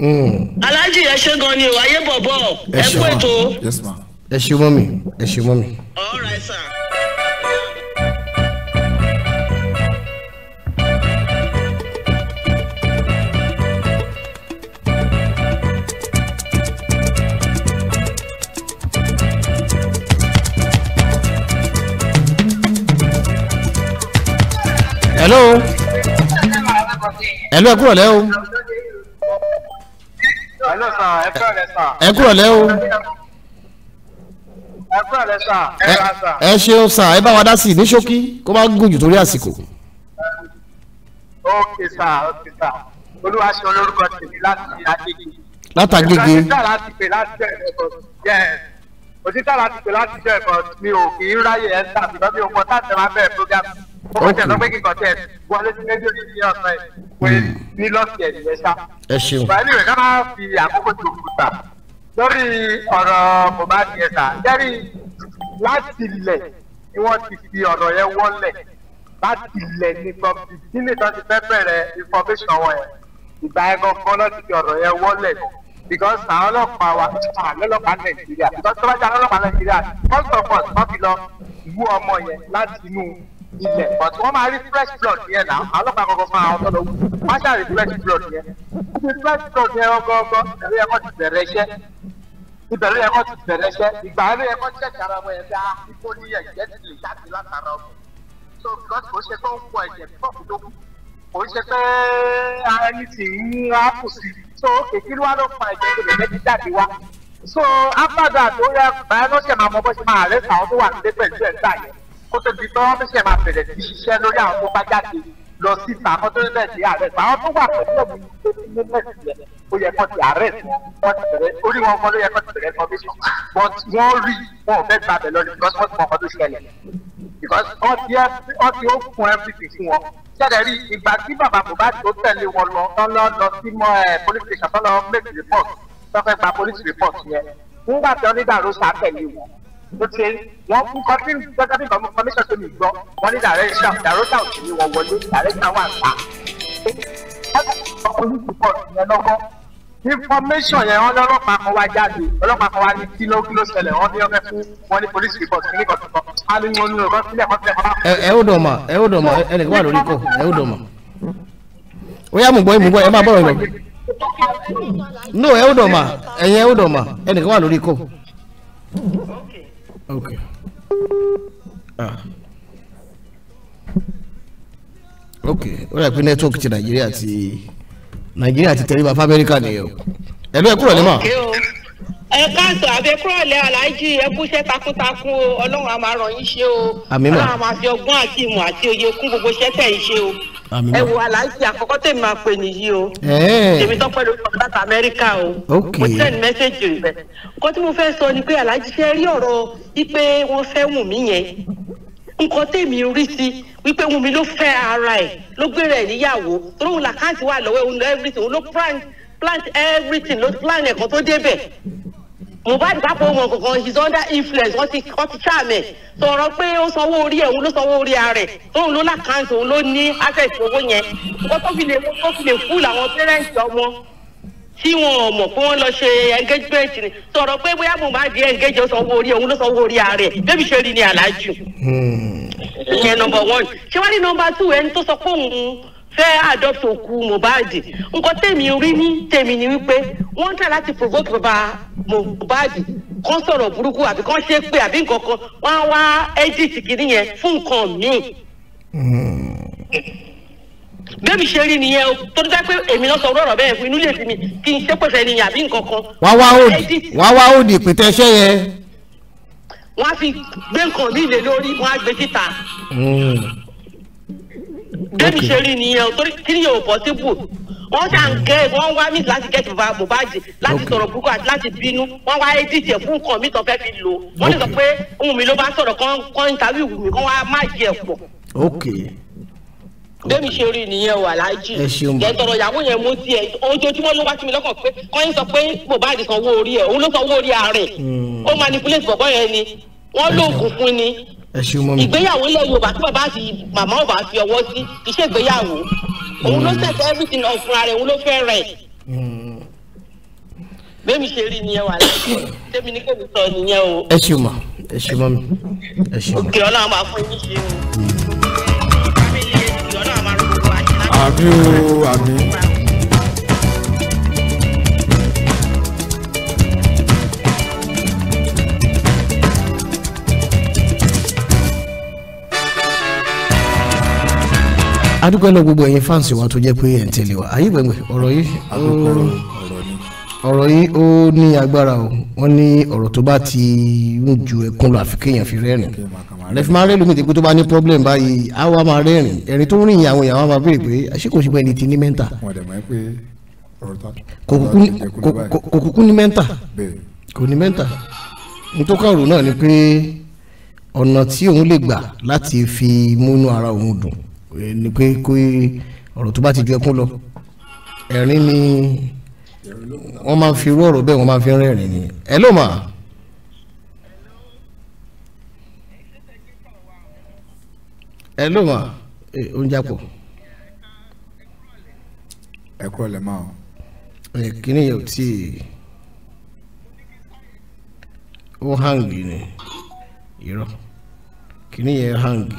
Mm. alájì ẹ gan ni o ayé bọ̀bọ̀ ẹ kú ètò. ẹ ṣe mọ́ mi ẹ ṣe mọ́ mi. hello hello ẹ kúrọ̀lẹ́ o hello sir ẹ kúrọ̀lẹ́ sir. ẹ kúrọ̀lẹ́ o. ẹ kúrọ̀lẹ́ sir ẹ ra sir. ẹ ṣeun sir ẹ bá wa dá sí i ní ṣókí kó má gùn jù torí àsìkò. ok sir ok sir olúwa ṣe olórúkọ tèmi láti àgbègbè. látàgbègbè. òtítà láti pè òtítà láti pè láti jẹ ẹ̀kọ́ mi ò kì í ráyè ẹ̀ ń tà ṣùgbọ́n mi ò mọ táṣẹ̀ máa bẹ̀rẹ̀ program wọ́n tẹ̀ lọ́pẹ́ kíkọ́ tẹ̀ wọlé sí rédíò ní ilé ọ̀sán yìí pé hmm. ní lọ́ọ̀sì ẹ̀ nìyẹn ṣá. ẹ ṣeun. báyìí rẹ̀ ká máa fi àkókò tó kù gbà lórí ọ̀rọ̀ Mohbad yẹn sà jẹ́rì láti ilẹ̀ ni wọ́n ti fi ọ̀rọ̀ yẹn wọ́lẹ̀ láti ilẹ̀ ní from fifteen ní tọ́sí fẹ́ bẹ̀rẹ̀ information wọn yẹn ìgbà yẹn gangan náà ti fi ọ̀rọ̀ yẹn wọ́lẹ̀ because àwọn ọlọ́pàá wa lọ́lọ́pàá Nàìjíríà because tó bá jẹ́ àwọn ọlọ́pàá Nàìjíríà first of all wọ́n fi lọ wú ọmọ yẹn láti inú ilẹ̀ but wọ́n máa rí fresh blood yẹn náà alọ́pàá kọ̀ọ̀kan fún àwọn ọ̀tọ̀ lọ́wọ́ wọ́n ṣáà rí fresh blood yẹn ibi fresh blood yẹn ọgọ́gọ́ ẹ̀rọ ẹ̀kọ́ ti bẹ̀rẹ̀ iṣẹ́ ìbẹ̀rẹ̀ ẹ̀kọ́ ti bẹ̀rẹ̀ iṣẹ́ ìgbà ẹ̀rọ ẹ̀kọ́ ti ṣẹ̀ṣẹ̀ ara wọn ẹ̀dá ikú ní ẹ̀jẹ̀ ti lè jáde látara ọ̀gbìn so because kò ṣe pé ó ń pọ ẹ̀jẹ̀ púpọ̀ tó kù kò ṣe pé ẹni tì ń wá kù sí so èkí ló wá ló pa ẹ̀jẹ̀ tó lè jẹ́ jíjáde wá so after that ó yẹ báyọ̀ ló ṣe máa mọ bó ṣe máa rẹ́sà ọdún wà nílé pẹ̀lú ẹ̀dá yẹn kó tó di pé wọ́n fi ṣẹ̀ máa bẹ̀rẹ̀ sí ṣiṣẹ́ lórí àwọn tó bá jáde lọ sí ìsàkọ́ tó ní nàìjíríà rẹ̀ àwọn tó wà pẹ̀lú ọ̀gbìn tó ti ní nàìjíríà ó yẹ kó ti àárẹ̀ wọ́n ti bẹ̀rẹ̀ orí wọn kan ló yẹ kó ti bẹ̀rẹ̀ information but wọ́n rí wọn ò fẹ́ gba bẹ̀ lọ because wọ́n ti mọ ọkọ tó ṣẹlẹ̀ because wọ́n ti wọ́n ti ó kun everything fún wọn ṣẹlẹ̀ rí ìgbà tí bàbá Mohbad tó tẹ̀lé wọn lọ tán lọ lọ sí mọ ẹ police station tán lọ make report tán fẹ́ gba police report yẹn nígbà tí wọ́n nígbà ló ṣàtẹ̀lé wọn ó ti wọ́n fún kọ́tí gẹ́gẹ́ bí kọ́míṣọ́ tó lè gbọ́ wọ́n ní dàrẹ́ṣà dàrọ́ṣà ò sì ní wọlé dàrẹ́ṣà wà pa. ọkùnrin pọ̀ yẹn lọ́kọ́ information yẹn wọ́n lọ́lọ́pàá kan wá jáde ọlọ́pàá kan wá ní kí ló kí ló ṣẹlẹ̀ wọ́n ní ọmọ fún wọn ní police report kí ní kọ̀tùkọ̀ á ní wọn nínú ọkọ̀ sílẹ̀ kọ́sílẹ̀ kọ́sílẹ̀. ẹ ẹ ó dọ̀ mà ẹ ó dọ̀ mà ẹnìkan wà lórí kọ ẹ ó dọ̀ mà ó yá mú gbọ́ mú gbọ́ ẹ má bọ̀rọ̀ ìlọ́gbìn no ẹ ó dọ̀ mà ẹ̀yin ẹ ó dọ̀ mà ẹnìkan wà lórí kọ. Okay. Ah. Okay. ó rẹ̀ pé network ti nàìjíríà ti nàìjíríà ti tẹríba fún amẹ́ríkà nìyẹn o ẹ̀lú ẹ̀ kúrò ní mà. ẹ káàtó àbẹ kúrò lẹ aláàjì ẹ takuntakun o ọlọ́run a máa ràn yín ṣe o àmì mà ọlọ́run a máa fi ọgbọ́n àti ìmọ̀ àti òye kún gbogbo iṣẹ́ tẹ́ ṣe o ẹ wo aláǹtí àkọ́kọ́ tèmi máa pè nìyí o èmi tó pẹ́ lórí ọ̀dà amẹ́ríkà o mo send message rẹ̀ nǹkan tí mo fẹ́ sọ ni pé aláǹtí ṣe rí ọ̀rọ̀ wípé wọ́n fẹ́ wù mí yẹn nǹkan tèmi rí sí wípé wù mí ló fẹ́ ara ẹ̀ ló gbéra ẹ̀ níyàwó tó lóun làkáǹtì wà lọ́wọ́ ẹ̀ òun lọ everything òun ló plant everything ló plan ẹ̀kan tó débẹ̀ Mohbad kápò wọn kankan he's under influence wọ́n ti wọ́n ti ṣáàmẹ̀ sọ̀rọ̀ pé ó sanwó orí ẹ̀ òun ló sanwó orí rẹ̀ tóun ló lákàntì òun ló ní access owó yẹn wọ́n tó fi lè tó fi lè fúlù àwọn parents ọmọ tí wọn ò mọ̀ pé wọ́n lọ ṣe engagement ni sọ̀rọ̀ pé bóyá Mohbad engage sanwó orí òun ló sanwó orí rẹ̀ bébí ṣe rí ni aláàjù. Hmm. ìyẹn number one ṣé wàá ní number two ẹni tó sọ pé fẹ́ adopt Mohbad nǹkan tèmi rí ní tèmi ni wípé wọ́n ń tà láti provoke baba Mohbad kán sọ̀rọ̀ burúkú àbí kán ṣe pé àbí nǹkan kan wọ́n á wá edit kìíní yẹn fún nǹkan míì. Hmm. bẹ́ẹ̀ni ṣe rí nìyẹn o tó dá pé èmi náà sọ ọ̀rọ̀ bẹ́ẹ̀ fún inú ilé fi mi kí n ṣe pèsè nìyẹn àbí nǹkan kan. wá wá òdì wá wá òdì ìpìtẹ́ iṣẹ́ yẹn. wọ́n á fi gbé nǹkan bébì ṣe rí nìyẹn o torí kí ni yóò possible wọ́n ṣà ń gẹ́ wọ́n wá mí láti gẹ́ ti bàbá Mohbad láti sọ̀rọ̀ burúkú àti láti bínú wọ́n wá edit ẹ̀ fún nǹkan mi tó fẹ́ fi lò wọ́n lè sọ pé ohun mi ló bá sọ̀rọ̀ kán kán interview mi kán wá má jẹ ẹ̀ pọ̀. bẹ́ẹ̀ mi ṣe rí nìyẹn o aláàjì yẹn tọrọ ìyàwó yẹn mú tiẹ̀ ojoojúmọ́ ló wá sí mi lọ́kàn pé kán sọ pé Mohbad sanwó orí ẹ̀ òun ló sanwó orí ààrẹ hmm. ó manipulate bọ̀bọ̀ yẹn ni wọ́n lóògùn fún ni ìgbéyàwó ilẹ̀ yorùbá tí bàbá àti màmá ọba fi ọwọ́ sí iṣẹ́ ìgbéyàwó òun ló set mm. everything up fúnra rẹ̀ òun ló fẹ́ rẹ̀ mm. bẹ́ẹ̀ mi ṣe rí nìyẹn wà lẹ́yìn tẹ́mi ní kébì sọ nìyẹn o. ẹ ṣe mọ ẹ ṣe mọ mi ẹ ṣe mọ. òkè ọlọ́run máa fún yín ṣe o. Mm. àmì o àmì. adúgbò náà gbogbo ẹ̀yin fáǹsì wa tó jẹ́ pé ẹ̀ ń tẹ̀lé wa ayé gbẹ̀ngbẹ̀ ọ̀rọ̀ yìí ọ̀rọ̀ yìí ó ní agbára o wọ́n ní ọ̀rọ̀ tó bá ti ń ju ẹkún lọ àfi kéèyàn fi rẹ́rìn lẹ́fí máa rẹ́rìn lómìnira pé tó bá ní problem báyìí á wá máa rẹ́rìn ẹ̀rín tó ń rìn àwọn èèyàn wá máa béèrè pé ṣé kò ṣe pé ẹni ti ní mẹ́ńtà kò kúkú ní mẹ́ńtà kò ní mẹ́ńtà nítorí ọ̀rọ̀ náà ni pé ọ̀nà tí òun lè gbà láti fi múnú ara òun dùn ni pé kó ọ̀rọ̀ tó bá ti ju ẹkún lọ ẹ̀rín ni wọ́n máa fi irú ọ̀rọ̀ bẹ́ẹ̀ wọ́n máa fi rẹ́rìn ni ẹ ló mà. ẹ ló mà oúnjẹ àpò. ẹ kúrò lẹ máa. ẹ kíní yẹn ò tí ó hàngì ni irọ́ kíní yẹn hàngì.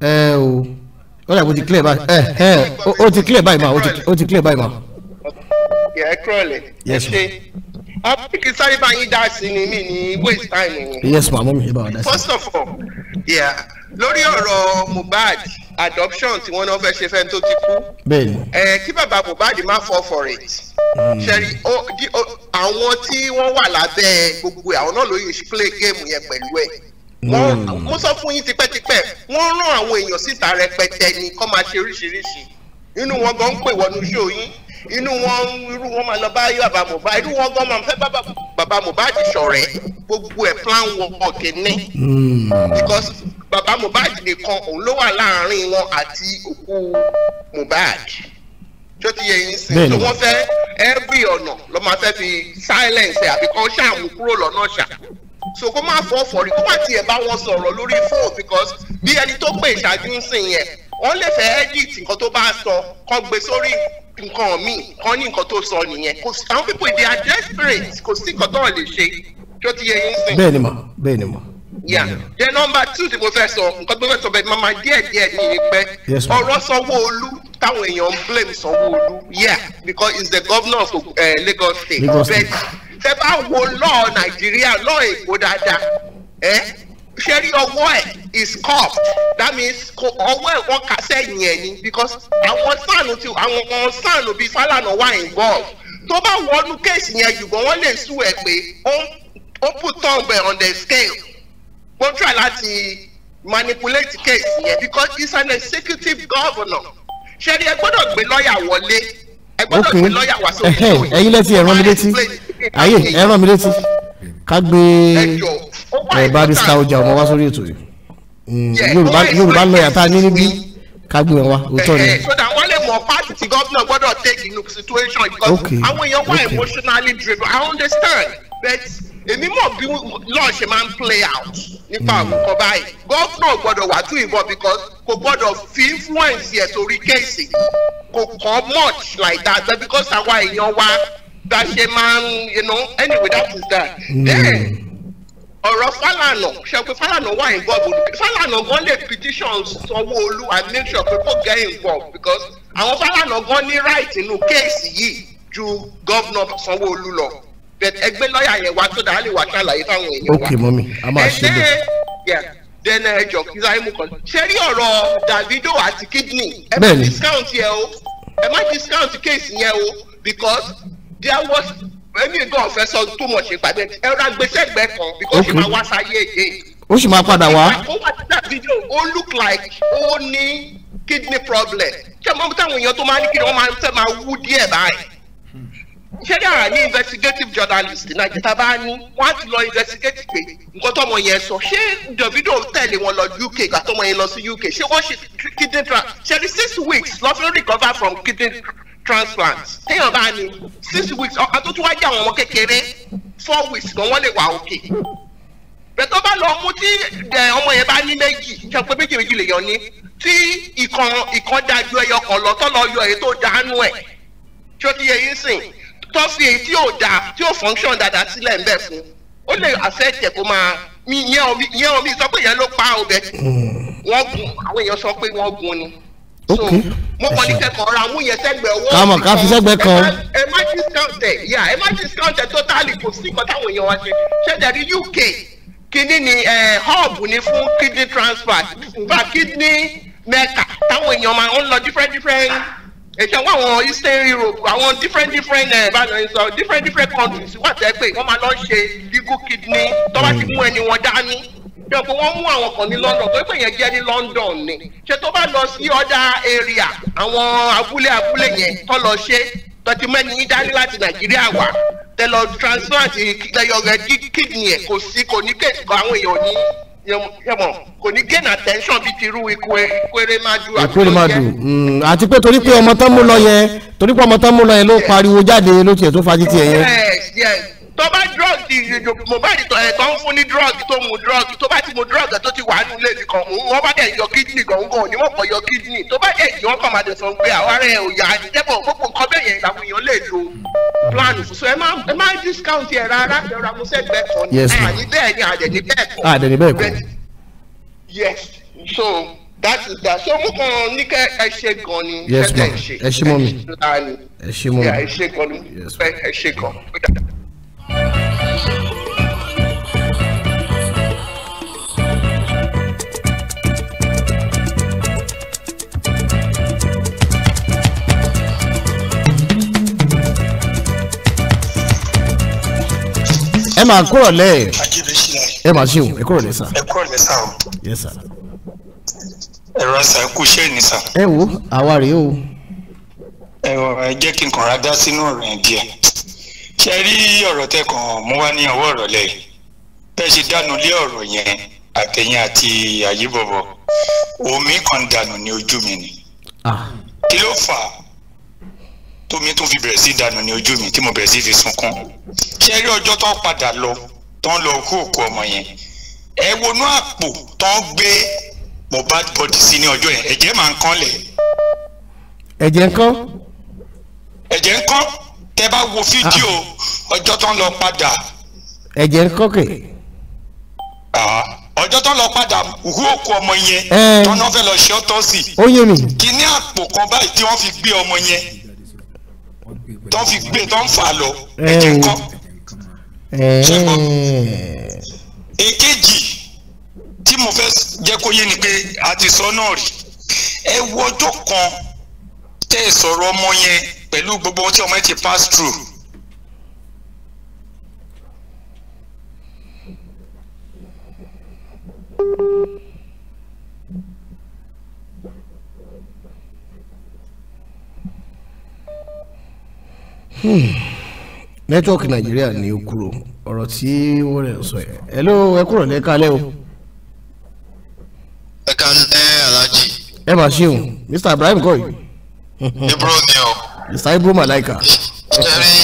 ẹ o ó dàgbò ti clear báyìí ẹ ẹ ó ti clear báyìí ma ó ti clear báyìí ma. yẹ kúrọ̀lẹ̀ ẹ ṣe apiki sáré bá yín dá sí ni mí ní waste time ni. yes ma mọ́ mi yé bá wa dá sí. first of all yeah, lórí ọ̀rọ̀ Mohbad adoption tí wọ́n náà fẹ́ ṣe fẹ́ tó ti kú. bẹ́ẹ̀ni. ẹ kí bàbá Mohbad má fall for it. Hmm. ṣẹ́rí àwọn tí wọ́n wà lábẹ́ gbogbo àwọn náà ló yẹ play game yẹn pẹ̀lú ẹ̀. Hmm. mo sọ fún yín tipẹ́tipẹ́ wọ́n rán àwọn èèyàn síta rẹpẹtẹ ni kọ́ máa ṣe oríṣiríṣi inú wọn gan ń pè wọnú iṣẹ́ òyìn inú wọn irú wọn máa lọ bá bàbá Mohbad irú wọn gan máa fẹ́ bá bàbá Mohbad ṣọ̀rẹ́ gbogbo ẹ̀ plan work ní hmm. because bàbá Mohbad nìkan òun ló wà láàárín wọn àti òkú Mohbad tó ti yẹ yín sìn tó wọ́n fẹ́ every ọ̀nà ló máa fẹ́ fi silence àbí kan ṣàmú kúrò lọ́nà ṣà so kó má fọ́ fọ́rí kó má tiẹ̀ bá wọn sọ̀rọ̀ lórí fóònù because bí ẹni tó pè ìṣáájú ń sìn yẹn wọ́n lè fẹ́ edit nǹkan tó bá sọ kán gbé sórí nǹkan míì kán ní nǹkan tó sọ nìyẹn àwọn people they are desperate kò sí nǹkan tó lè ṣe tó ti yẹ yín sìn. bẹ́ẹ̀ni ma bẹ́ẹ̀ni ma. yà jẹ nọ́mbà two tí mo fẹ́ sọ nǹkan tó fẹ́ sọ bẹ́ẹ̀ mama díẹ̀ díẹ̀ ní ìpẹ ọ̀rọ̀ Sanwó-Olú táwọn èèyàn ń blame Sanwó-Olú yeah because he's the governor of uh, Lagos State. Lagos State tẹ bá wo lọ́ọ̀ nàìjíríà lọ́ọ̀ èkó dáadáa ẹ ṣe rí ọwọ́ ẹ̀ is cupped that means ọwọ́ ẹ̀ wọ́n kà sẹ́yìn ẹ̀ ni because àwọn sáànù ti àwọn ọmọ sáànù bíi Fálànà wà involved tó bá wọnú kéèsì yẹn ṣùgbọ́n wọ́n lè sú ẹ̀ pé ó put thumb on the scale wọ́n try láti manipulate case yẹn because he's an executive governor ṣe rí ẹ gbọ́dọ̀ gbé lọ́ọ̀yà wọlé ok ẹyin lẹ́tí ẹ̀rọ mi létí ayé ẹ̀rọ mi létí ká gbé ẹ̀ barista ọjà ọmọ wa sórí ètò yìí mm, yorùbá lọ́ọ̀yà tá a ní níbí ká gbé wọn wá òótọ́ ni. for party ti governor gbọ́dọ̀ take in the situation because àwọn èèyàn wà emotionally driven I understand but èmi mọ̀ bí lọ́ọ̀ ṣe máa ń play out nípa àwòkọ́ báyìí gọ́fúnà gbọ́dọ̀ wà tún ìbọn because kò gbọ́dọ̀ fi influence yẹ torí kéèsì kò kàn much like that but because àwa èèyàn wa bá ṣe máa ń you know anyway that is that. Mm. Then, ọ̀rọ̀ Fálànà ṣẹ́gun Fálànà wà involved Fálànà gan lè petition Sanwó-Olú and make sure pé kò get involved because àwọn Fálànà gan ní right inú kéèsì yìí ju gọ́vnà Sanwó-Olú lọ but ẹgbẹ́ lọ́ọ̀yà yẹn wá tó dáa lè wá ṣàlàyé fáwọn èèyàn wa. ok mọ́mí a máa ṣe bẹ́ẹ̀. then ẹjọ uh, kí sáré mú kan ṣe rí ọ̀rọ̀ Davido àti kidney ẹ má discount yẹn o ẹ má discount case yẹn o because there was èmi gan ọ̀fẹ́ sọ tó mọ̀ ṣe pàdé ẹ ra gbèsè ẹgbẹ́ kan because ṣe máa wá sáyé èdè. ó sì máa padà wá. ó wà ní Davido ó look like ó ní kidney problem ṣé mo táwọn èèyàn tó máa ní kidney wọn máa ń fẹ́ máa wú díẹ̀ báyìí kẹ́nyà ní investigative journalist nàìjíríà tá a bá ní wọ́n á ti lọ investigate pé nǹkan tọ́mọ yẹn sọ ṣé Davido tẹ̀lé wọn lọ UK gbà tọ́mọ yẹn lọ sí UK ṣé wọ́n ṣe kidney transplant ṣe ní six weeks lọ fi recover from kidney transplant téèyàn bá ní six weeks àtúntò wájú àwọn ọmọ kékeré four weeks gan wọ́n lè wà òkè bẹ̀tọ́ bá lọ mú tí ọmọ yẹn bá ní méjì ṣe pé méjì méjì lèèyàn ní tí ìkan ìkan dájú ẹyọ kan lọ tọ́ lọ yọ èyí tó dánú ẹ̀ tí ó ti yẹ yín sìn tó fi èyí tí ò dáa tí ò function dáadáa sílẹ̀ ń bẹ̀ fún ó lè affect ẹ̀ kó máa yẹn omi yẹn omi sọ pé yẹn ló pa ọbẹ̀ wọ́n gun àwọn èèyàn sọ pé wọ́n gun ni so mo kàn ní kẹkọọ ra mú yẹn sẹ́gbẹ̀ owó kàmọ ká fi sẹ́gbẹ̀ kan ẹ má discount ẹ yà ẹ má discount ẹ totally kò sí nǹkan táwọn èèyàn wá ṣe ṣe dẹ̀rí UK kínní ni hub ni fún kidney transfer kidney mecca táwọn èèyàn máa ń lọ different different èyí àwọn àwọn eastern europe àwọn different different ìbáraẹni eh, sọ different different countries wà tẹ́ pé wọ́n máa lọ ṣe legal kidney tó bá ti mú hmm. ẹni wọn dání bí pé wọ́n mú àwọn kan ní london tó pé yẹn jẹ́ ní london ni ṣé tó bá lọ sí other area àwọn abúlé abúlé yẹn tó lọ ṣe tọ́tí mẹ́ni yín dání láti nàìjíríà wá tẹ lọ transfer àti lẹyọ rẹ kidney ẹ̀ kò sí kò ní kẹ́kọ̀ọ́ àwọn èèyàn ní yẹmọ kò ní gain attention bíi ti irú Ekweremadu Ekweremadu mm, àti pé torí pé ọmọ tán mú lọ yẹn torí pé ọmọ tán mú lọ yẹn ló pariwo jáde ló tiẹ̀ tó fa títí yẹn. yes yes tó bá drug Mohbad ẹ̀tọ́ ń fún ní drug tó mu drug tó bá ti mu drug tó ti wà á nílé mi kan òun wọ́n bá dẹ̀ yọ kidney gan gan òní wọ́n kọ́ yọ kidney tó bá dẹ̀ yọ ọ́ kàn máa dẹ̀ sọ pé àwọn ará ẹ̀ ò gbogbo nǹkan bẹ́ẹ̀ yẹn làwọn èèyàn lè lo plan so ẹ má ẹ má discount yẹn rárá ẹ̀rọ amúṣẹ́gbẹ̀ẹ́ kan ní àní bẹ́ẹ̀ ni àdẹ̀ni bẹ́ẹ̀ kọ́ ah, àdẹ̀ni bẹ́ẹ̀ kọ́ yes so that is that so mo kàn ní kẹ ẹ ṣe gan ni ẹ ṣe ẹ ṣe mọ mi ẹ ṣe mọ mi ẹ ṣe gan ni ẹ ṣe gan. ẹ máa kúrò lẹ ẹ máa ṣe o ẹ kúrò lẹ sà. ẹ kúrò lẹ sà o. yes sà. ẹ̀rọ àṣà kù iṣẹ́ ni sà. ẹ wo àwa rèé o. ẹ ẹ jẹ́ kí n kàn ra dá sínú ọ̀rọ̀ yẹn díẹ̀ ṣe rí ọ̀rọ̀ tẹ́ kàn mú wá ní ọwọ́ ọ̀rọ̀ lẹ̀ bẹ́ẹ̀ ṣe dànù lé ọ̀rọ̀ yẹn àtẹ̀yìn àti àyíbọ̀bọ̀ omi kan dànù ní ojú mi ni kí ló fà á tómi tún fi bẹ̀rẹ̀ sí dànù ní ojú mi tí mo bẹ̀rẹ̀ sí fi sunkún ṣe rí ọjọ́ tó padà lọ tó ń lọ kú òkú ọmọ yẹn ẹ wọnú àpò tó ń gbé Mohbad body sí ní ọjọ́ yẹn ẹ̀jẹ̀ máa ń kán lẹ̀. ẹ̀jẹ̀ ń kán. ẹ̀jẹ̀ ń kán tẹ bá wo fídíò ah. ọjọ́ tó ń lọ padà. ẹ̀jẹ̀ ń kán kè. ọjọ́ tó ń lọ padà hu òkú ọmọ yẹn tọ́nà fẹ́ lọ ṣe ọ́tọ́sì. ó kí ní àpò kan báyìí tí wọ́n fi gbé ọmọ yẹn tán fi gbé tán fà lọ ẹ̀jẹ̀ nǹkan èkejì tí mo fẹ́ jẹ́ kó yé ni pé a ti sọ náà rí ẹ wo ọjọ́ kan tẹ́ ẹ sọ̀rọ̀ ọmọ yẹn pẹ̀lú gbogbo ohun tí ọmọ yẹn ti pass through. thank you Hmm. Network Nigeria ní ó kúrò ọ̀rọ̀ tí wọ́n rẹ̀ sọ yẹn hello ẹ kúrò lẹ́kàlẹ́ o. ẹ ká lẹ́ aláàjì. ẹ mà ṣeun Mr Ibrahim kọ́ yìí. ibro ni o. Mr Ibro Malaika. ṣe rí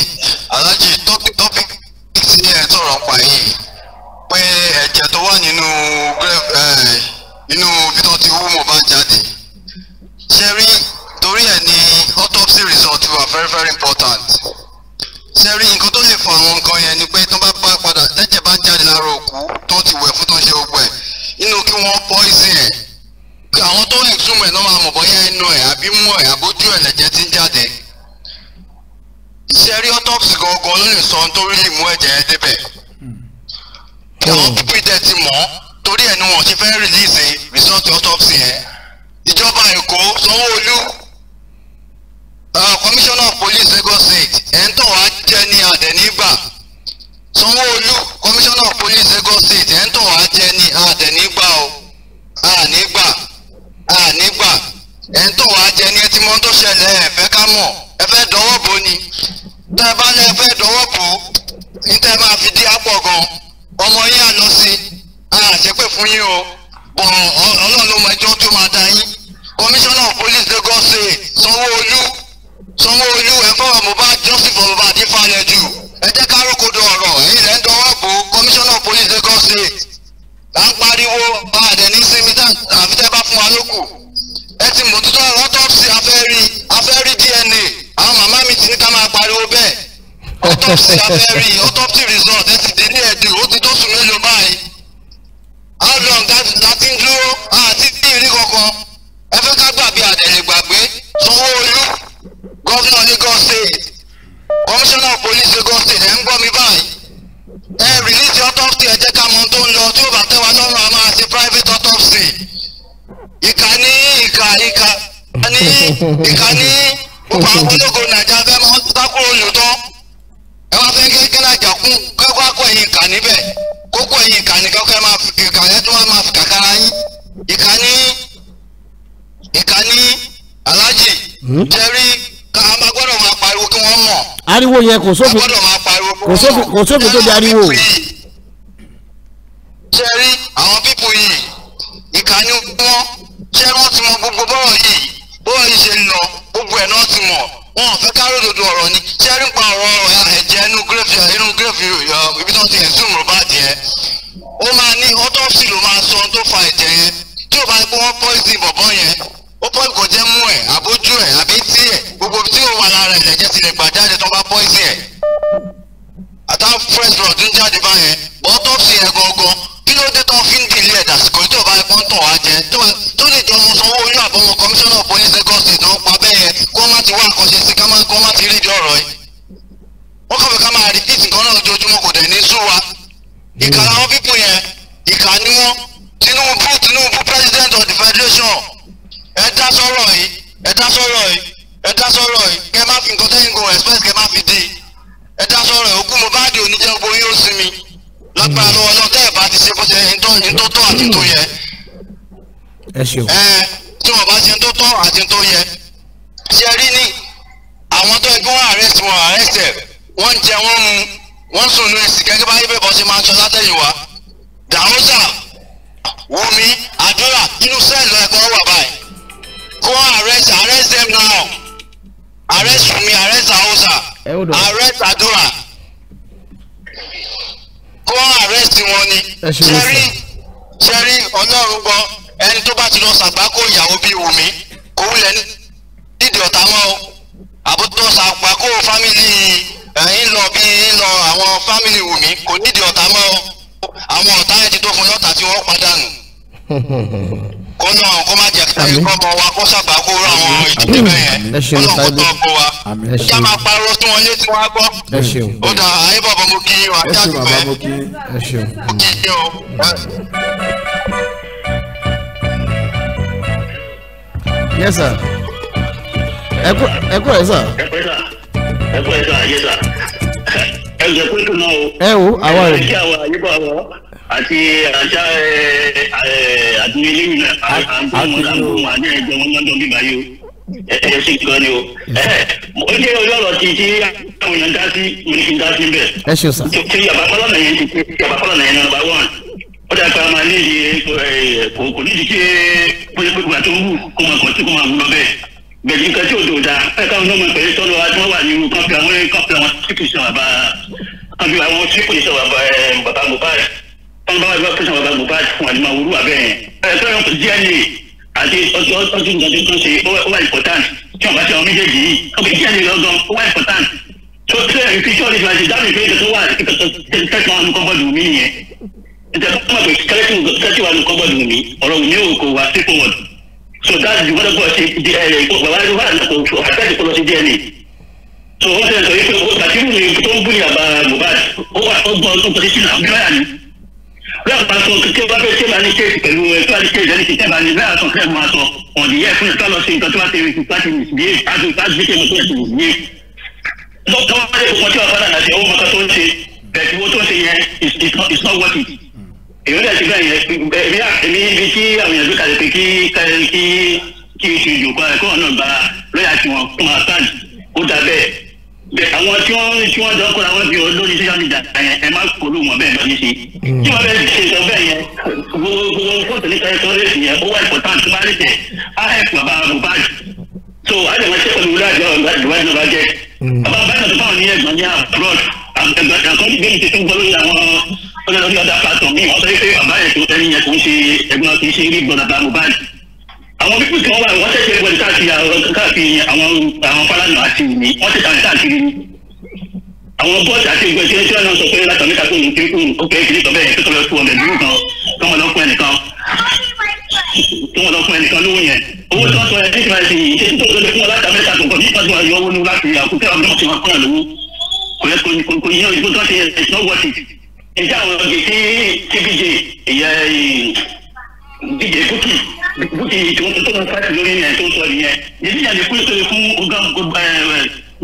ẹ̀ náà máa mọ̀ bóyá ẹnu ẹ̀ àbí mú ẹ̀ àbójú ẹ̀ lẹ̀jẹ̀ ti ń jáde iṣẹ́ rí autopsy gangan ló lè sọ nítorí lè mú ẹ̀jẹ̀ ẹ débẹ̀ àwọn pípẹ́ tẹ̀ ti mọ̀ torí ẹ̀ ni wọ́n ti fẹ́ release result autopsy yẹn ìjọba Èkó Sanwó-Olú commissioner of police Lagos state ẹ̀ ń tọ̀ wá jẹ́ ní àdẹ̀nígbà Sanwó-Olú commissioner of police Lagos state ẹ̀ ń tọ̀ wá jẹ́ ní àdẹ̀nígbà o ànígbà ànígbà ẹ̀ ń tó wàá jẹ ní ẹtí mọ́ tó ṣẹlẹ̀ ẹ̀ fẹ́ ká mọ̀ ẹ fẹ́ dọwọ́ bò ni tẹ́ ẹ bá lẹ́ ẹ fẹ́ dọwọ́ bò ní tẹ́ ẹ máa fi dí àpọ̀ gan ọmọ yín á lọ sí i àṣepè fún yín o ọlọ́run ló mọ ẹjọ́ tó máa da yín komisanna of police Lagos state Sanwó-Olú Sanwó-Olú ẹ fọwọ́ Mohbad justice for Mohbad ìfàlẹ̀ jù ẹ jẹ́ ká rókòdo ọ̀rọ̀ ẹ̀yin lẹ́ bò komisanna police Lagos state là ń pariwo àdẹ̀ ní sinmi àfi tẹ́ bá fún wa lókù ẹ ti mọ̀tútù autopsy afẹ́rí afẹ́rí DNA àwọn màmá mi ti ní ká máa pariwo bẹ́ẹ̀ autopsy afẹ́rí autopsy result ẹ ti dé ní ẹ̀dùn ó ti tó sùn mélòó báyìí how long láti ń dúró àti bí ìrí kankan. ìkànnì gbogbo àwọn ológo nàìjà fẹ́ máa ń sá kúrò lòótọ́ ẹ wá fẹ́ kékeré nàìjà kún kẹ́kọ́ akọ ẹ̀yìn ìkà níbẹ̀ kókó ẹ̀yìn ìkà ní kẹ́kọ́ ẹ máa fi ìkà ẹ tún máa fi kàkàrà yín ìkànnì ìkànnì alájì hmm? jẹ́rí ká a máa gbọ́dọ̀ máa pariwo kí wọ́n mọ̀ ariwo yẹn kò sófin kò sófin tó di ariwo. ṣeun. ẹ tí wọn bá ṣe tó tọ́ àti tó yẹ ṣe rí ní àwọn tó ẹgbẹ́ wọn àrẹ́sì wọn àrẹ́sì ẹ̀ ń jẹ wọ́n mu wọ́n sùn ní ìsìn gẹ́gẹ́ báyìí bẹ́ẹ̀ ṣe máa ń sọ látẹ̀yìnwá dàrúsà wumi àdúrà inú sẹ́ẹ̀lì ẹ̀kọ́ wà báyìí kó àrẹ́sì àrẹ́sì ẹ̀ náà àrẹ́sì wumi àrẹ́sì àwùsà àrẹ́sì àdúrà kó àrẹ́sì wọn ni ṣẹ́rí ṣẹ́rí ọlọ́run gbọ́ ẹni tó bá ti lọ sàgbákò ìyàwó bíi Wùmí kò wulẹ̀ nídìí ọ̀tá mọ́ o àbútó sàgbákò fámìlì ẹ̀yìn lọ bíi ńlọ àwọn fámìlì Wùmí kò nídìí ọ̀tá mọ́ o àwọn ọ̀tá ẹ̀ ti tó fún lọ́tà tí wọ́n padà nù. kó náà kó má jẹ́ kí ọmọ wa kó sàgbákò rọ àwọn ìdílé bẹ́ẹ̀ yẹn kó náà kó tọ́ ọkọ wa já máa parọ́ tí wọ́n lé tí wọ́n á gbọ́. ó dà ayé bàbá mo kí yín o àti àtúfẹ́. ẹ kí yín. ẹ ṣeun. yes sir. ẹ kú ẹ sà. ẹ kú ẹ sà ẹ kú ẹ sà yes sir. ẹ jẹ pé kùnà o. ẹ wo àwa o. ẹ jẹ àwa àyíkọ àwa àti àṣà àti eléyìí náà àgbọ̀n àgbọ̀n àti ẹ̀jẹ̀ wọn lọ́dọ̀ bíbá yìí o ẹ ṣe kí wọn ni o. ó ní olóró ti ti àwọn èèyàn dá sí mi ní kí n dá sí bẹ́ẹ̀. ẹ ṣe sà. ṣe yàrá fọlọ́nà yẹn ti ṣe yàrá fọlọ́nà yẹn nàmbà one ó dà pé a máa ní eh, kò ní ìdíkẹ́ bóyá pé gbogbo àti owó kó máa kàn sí kó máa mú lọ bẹ́ẹ̀ gbẹ̀dì nǹkan tí ò dòdà ẹ̀ka ọ̀nà ọmọ ìpẹ̀lẹ́ tọ́lọ àti wọ́n wà ní irú kọ́ńpì àwọn kọ́ńpì àwọn tíkìsì bàbá kọ́ńpì àwọn tíkìsì bàbá eh, bàbá Mohbad tọ́lọ bá wà tíkìsì bàbá Mohbad fún àdìmọ̀ òwúrú abẹ́ yẹn ẹ̀ka ọ̀nà díẹ̀ àti eh, ọjọ́ ọjọ́ nǹkan tó ṣe ó wà important tí wọ́n bá ṣe àwọn méjèèjì yìí ọ̀pẹ̀ díẹ̀ ni lọ́gán ó wà important tó tẹ́ ìfisọ́ọ̀lì ǹjẹ́ kó má pé kẹ́lẹ́tì kẹ́lẹ́tì wà ní kọ́bọ̀dù mi ọ̀rọ̀ mi ò kò wá sí fún wọn so that the mother boy ṣe di ẹ ẹ bàbá rẹ wà lọ́kọ̀ ọ̀fẹ́ ti kọ́ lọ sí DNA so ó ṣe sọ yìí pé bàtírù ni tó ń búyà bá Mohbad ó wà ó gbọ́ ọdún pẹ̀lú sínú àbúráyà ni láàpá sọ kékeré bá fẹ́ ṣé máa ní kéèsì pẹ̀lú ẹ tó bá ní kéèsì ẹni tí tẹ́ bá ní láàpá sọ kẹ́ẹ̀ máa sọ ọ̀dì is èmi dẹ̀ ti bẹ́ẹ̀ yẹn èmi èmi ibi tí àwọn èèyàn gbé kalẹ̀ pé kí kí kí n ti jòkó ara kó ọ̀nà gba lọ́yà tí wọ́n kún àkáǹtì ó dà bẹ́ẹ̀ bẹ́ẹ̀ àwọn tí wọ́n tí wọ́n dọ́kọ̀ àwọn bí olórí social media yẹn ẹ má kólú wọn bẹ́ẹ̀ lọ́ní sí tí wọ́n bẹ́ẹ̀ ṣe sọ bẹ́ẹ̀ yẹn gbogbo fóòtù nípa ẹ̀kọ́ rẹ̀ yẹn ó wà important bá rẹ̀ tẹ̀ á help bàbá bàbá so á lè wọ́n ṣe pẹ̀lú wúlò àjọ ìwádìí náà bá jẹ́ hmm. bàbá bá náà tó fáwọn ní ẹ̀gbọ́n ní abroad àgbẹ̀gbẹ̀ àkọ́bí ó lè lórí ọ̀dà pàtó mi wọ́n sọ pé bàbá yẹn tó ẹni yẹn kò ń ṣe ẹ̀gbọ́n kì í ṣe rí gbọ́n bàbá Mohbad àwọn pípù tí wọ́n wà wọ́n tẹ̀sẹ̀ wọlé káàkiri àwọn àwọn Fálànà àti ìmí wọ́n tẹ̀sẹ̀ àwọn káàkiri àwọn bọ́ọ̀sì àti ìgbẹ́ tí wọ́n sọ pé látọ̀ níta tó ń kiri kún ókè kiri tọ́ bẹ́ẹ̀ tó lọ lọ fún ẹnìkan tó wọn lọ fún ẹnìkan lówó yẹn tó wọn ẹ ẹ lówó èyí àwọn ọ̀gẹ̀ tí tbj ìyá dj bukki bukki tó ń tó ń fàtì lórí ẹ̀ tó ń sọ nìyẹn yìí yàrá ikú ìṣòro fún ọgá tó wà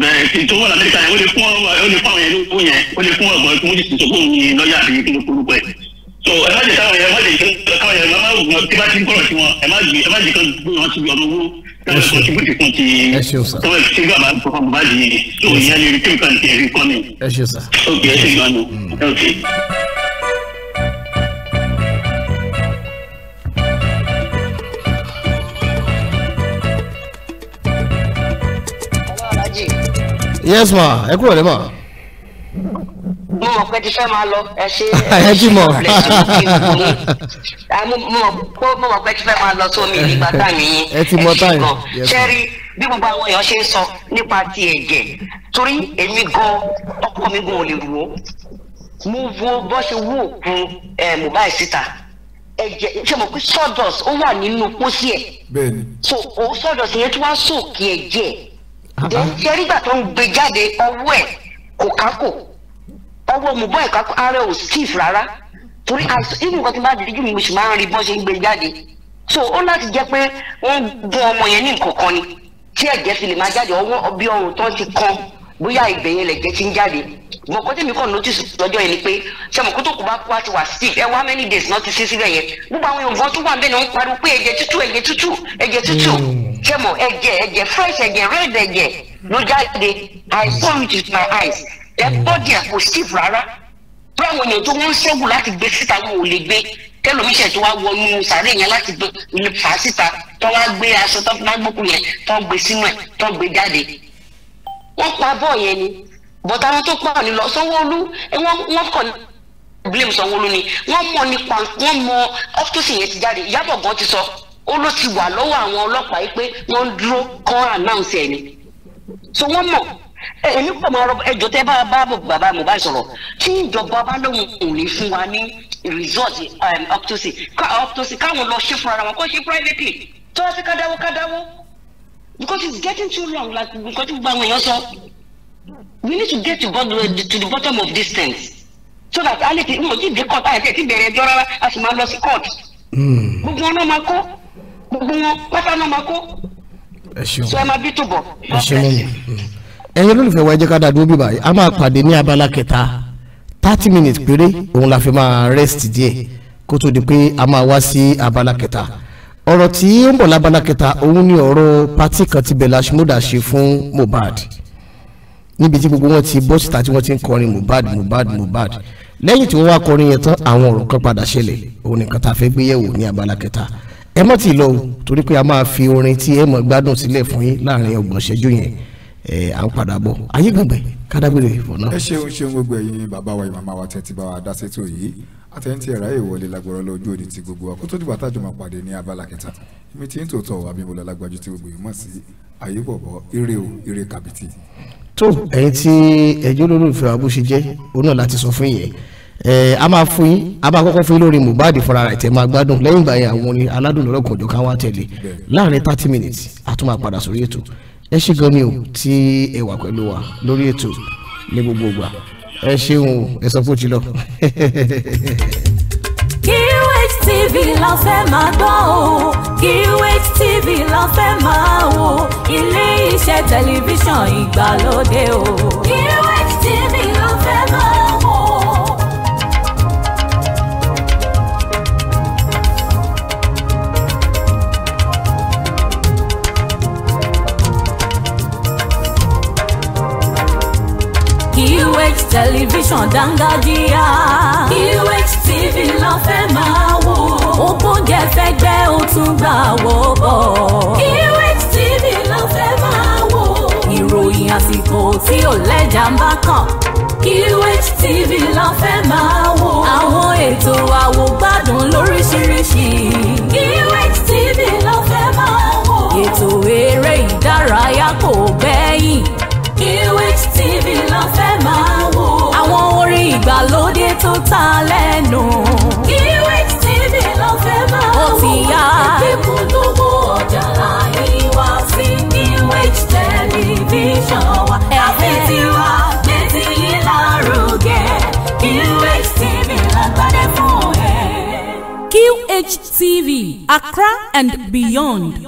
lamẹ́ríkà yẹn ó lè fún ó lè fún àwọn yẹn lóko yẹn ó lè fún ọgbọ̀n tó ń di sòkò yìí lọ́yà àbí kí ló korúkọ ẹ̀ so ẹ má jẹ táwọn yẹn ẹ má jẹ káwọn yẹn ẹ má wù wọn tí bá ti ń kọ̀rọ̀ sí wọn ẹ má jẹ ẹ má jẹ kán gbé wọn síbi ọmọ owó ẹ ṣeun sa. tọ́wọ́ ti gbàgbà fọwọ́ bá di òun yẹn lórí tí nǹkan ti rí kọ́ mi. ẹ ṣeun sa. ok ẹ ṣe gbọ́n mi. yes ma ẹ kúrò lẹ́ mọ̀ mo mọ̀ pé ti fẹ́ máa lọ ẹ ṣe ẹ ṣe mọ̀ mo mọ̀ pé ti fẹ́ máa lọ sómi nígbà táyìn yín ẹ ṣe gan ṣẹ́rí bí gbogbo àwọn èèyàn ṣe ń sọ nípa ti ẹ̀jẹ̀ torí èmi gan ọkọ mi gan ò lè wò ó mo wo bó ṣe wú òkú Mohbad síta ẹ̀jẹ̀ ṣe mọ̀ pé sawdust ó wà nínú pósí ẹ̀ so òun sawdust yẹn tí wọ́n á sòkè ẹ̀jẹ̀ ṣẹ́rí ah, ah. gbà tó ń gbé jáde ọwọ́ ẹ̀ kò kákò. ọwọ́ Mohbad kakọ ara ò stiff rárá torí àìsàn irú nǹkan tí bá jù mí mo máa ṣe ń jáde so ó láti jẹ pé wọ́n gún ọmọ yẹn ní nǹkan kan ni tí fi lè máa jáde ọwọ́ bí ọrùn tán ti kan bóyá yẹn ti ń jáde kàn notice yẹn ni pé ṣe tó kù bá many days náà ti yẹn gbogbo àwọn èèyàn tó wà ń pariwo pé tútù I ẹ mm. bọ́dì àpòsíf rárá tó àwọn èèyàn tó wọ́n ṣọ́gùn láti gbé síta wọn ò lè gbé kẹlòmíṣẹ tó wá wọnú sàárè yẹn láti fà á síta tó wá gbé aṣọ tó fi máa gbókùn yẹn tó gbé sínú ẹ tó gbé jáde wọ́n pa bọ́ọ̀ yẹn ni bọ́tà wọn tó pọ̀ ní lọ Sanwó-Olú wọ́n kàn blame Sanwó-Olú ni wọ́n mọ̀ nípa wọ́n mọ̀ ọ́fíìsì yẹn ti jáde Ìyábọ̀ gan ti sọ ó ló ti wà lọ́wọ́ àwọn ọlọ́pàá yìí pé wọ́n dúró kán announce ẹ̀ ni so wọ́n mọ̀ èmi pọ̀ mọ́ ọ̀rọ̀ ẹjọ́ tẹ́ bá bá bàbá Mohbad sọ̀rọ̀ tí ìjọba bá lóun ò ní fún wa ní resort um, autopsy autopsy káwọn lọ ṣe fúnra wọn kó ṣe tó wá sí kádáwó kádáwó because it's getting too long like nǹkan gbogbo àwọn èèyàn sọ we need to get to, to the bottom of this thing so that a mo ti dé court àyẹ̀tẹ̀ ti bẹ̀rẹ̀ ẹjọ́ rárá a sì máa lọ sí court hmm. gbogbo wọn náà máa kó gbogbo wọn pátá náà máa kó so ẹ máa bí tó bọ̀. ẹ ṣe mọ́ mi. ẹ̀yin olólùfẹ́ wa ẹ jẹ́ ká dàdúró bíbá yìí a máa pàdé ní abala kẹta thirty minutes péré òun la fi máa rest díẹ̀ kó tó di pé a máa wá sí abala kẹta ọ̀rọ̀ tí ó ń bọ̀ lábala kẹta òun ni ọ̀rọ̀ pátì kan ti Bella Shmurda ṣe fún Mohbad níbi tí gbogbo wọn ti bọ́ síta tí wọ́n ti ń kọrin Mohbad Mohbad Mohbad lẹ́yìn tí wọ́n wá kọrin yẹn tán àwọn ọ̀rọ̀ kan padà ṣẹlẹ̀ òun nìkan tá fẹ́ gbé yẹ̀wò ní abala kẹta ẹ má ti lọ torí pé a máa fi orin tí ẹ mọ̀ gbádùn sílẹ̀ fún yín láàrin ọgbọ̀n yẹn ẹ à ń padà bọ̀ ayé gbọ̀ngbẹ̀ kádàgbére ìfọ̀ náà. ẹ ṣeun ṣeun gbogbo ẹ̀yin bàbá wa ìmàmá wa tẹ́tí bá wa dá sétò yìí àtẹ̀yìntì ẹ̀rá ìwọlé lágbọ̀rọ̀ lójú òní ti gbogbo wa kó tó dìbò àtàjọ máa pàdé ní abala kẹta èmi tí ń tòótọ́ abímbọ́lá lágbájú tí gbogbo yìí mọ̀ sí ayé bọ̀bọ̀ ire o ire kàbìtì. tó ẹ̀yin tí ẹjọ́ olólùfẹ́ wa bó ṣe jẹ́ òun náà láti sọ fún yẹn ẹ a máa fún yín a máa kọ́kọ́ fún yín lórí Mohbad fúnra rẹ̀ tẹ́ máa gbádùn lẹ́yìn ìgbà yẹn àwọn orin aládùn lọ́rọ̀ kọ̀ọ̀jọ̀ káwọn tẹ̀lé láàrin thirty minutes a tún máa padà sórí ètò ẹ ṣe gan ni o tí ẹ wà pẹ̀lú wa lórí ètò ní gbogbo ìgbà ẹ ṣeun ẹ sọ fún jùlọ. QH TV la fẹ́ máa gbọ́ o QH TV la fẹ́ máa wò ilé iṣẹ́ tẹlifíṣàn ìgbàlódé o QH TV tẹlifíṣàn dáńgájíá. QHTV e ló fẹ́ máa wò. ògbóǹjẹ fẹ́gbẹ́ ó tún gbà wọ́ bọ̀. QHTV e ló fẹ́ máa wò. ìròyìn àsìkò tí ò lẹ́jà ń bá kàn. QHTV e ló fẹ́ máa wò. àwọn ètò àwò gbádùn lóríṣiríṣi. QHTV ló fẹ́ máa wò. ètò eré ìdárayá kò gbẹ́yìn. QHTV ló fẹ́ máa wò ìgbàlódé tó ta lẹ́nu. QH TV ló fẹ́ máa wò ó ti yá. ọjà láyé wá sí QH tẹlifíṣàn wa. àfi tiwa gbé ti yín lárugẹ QH TV lágbádẹ́ fún ẹ. QH TV Accra and beyond.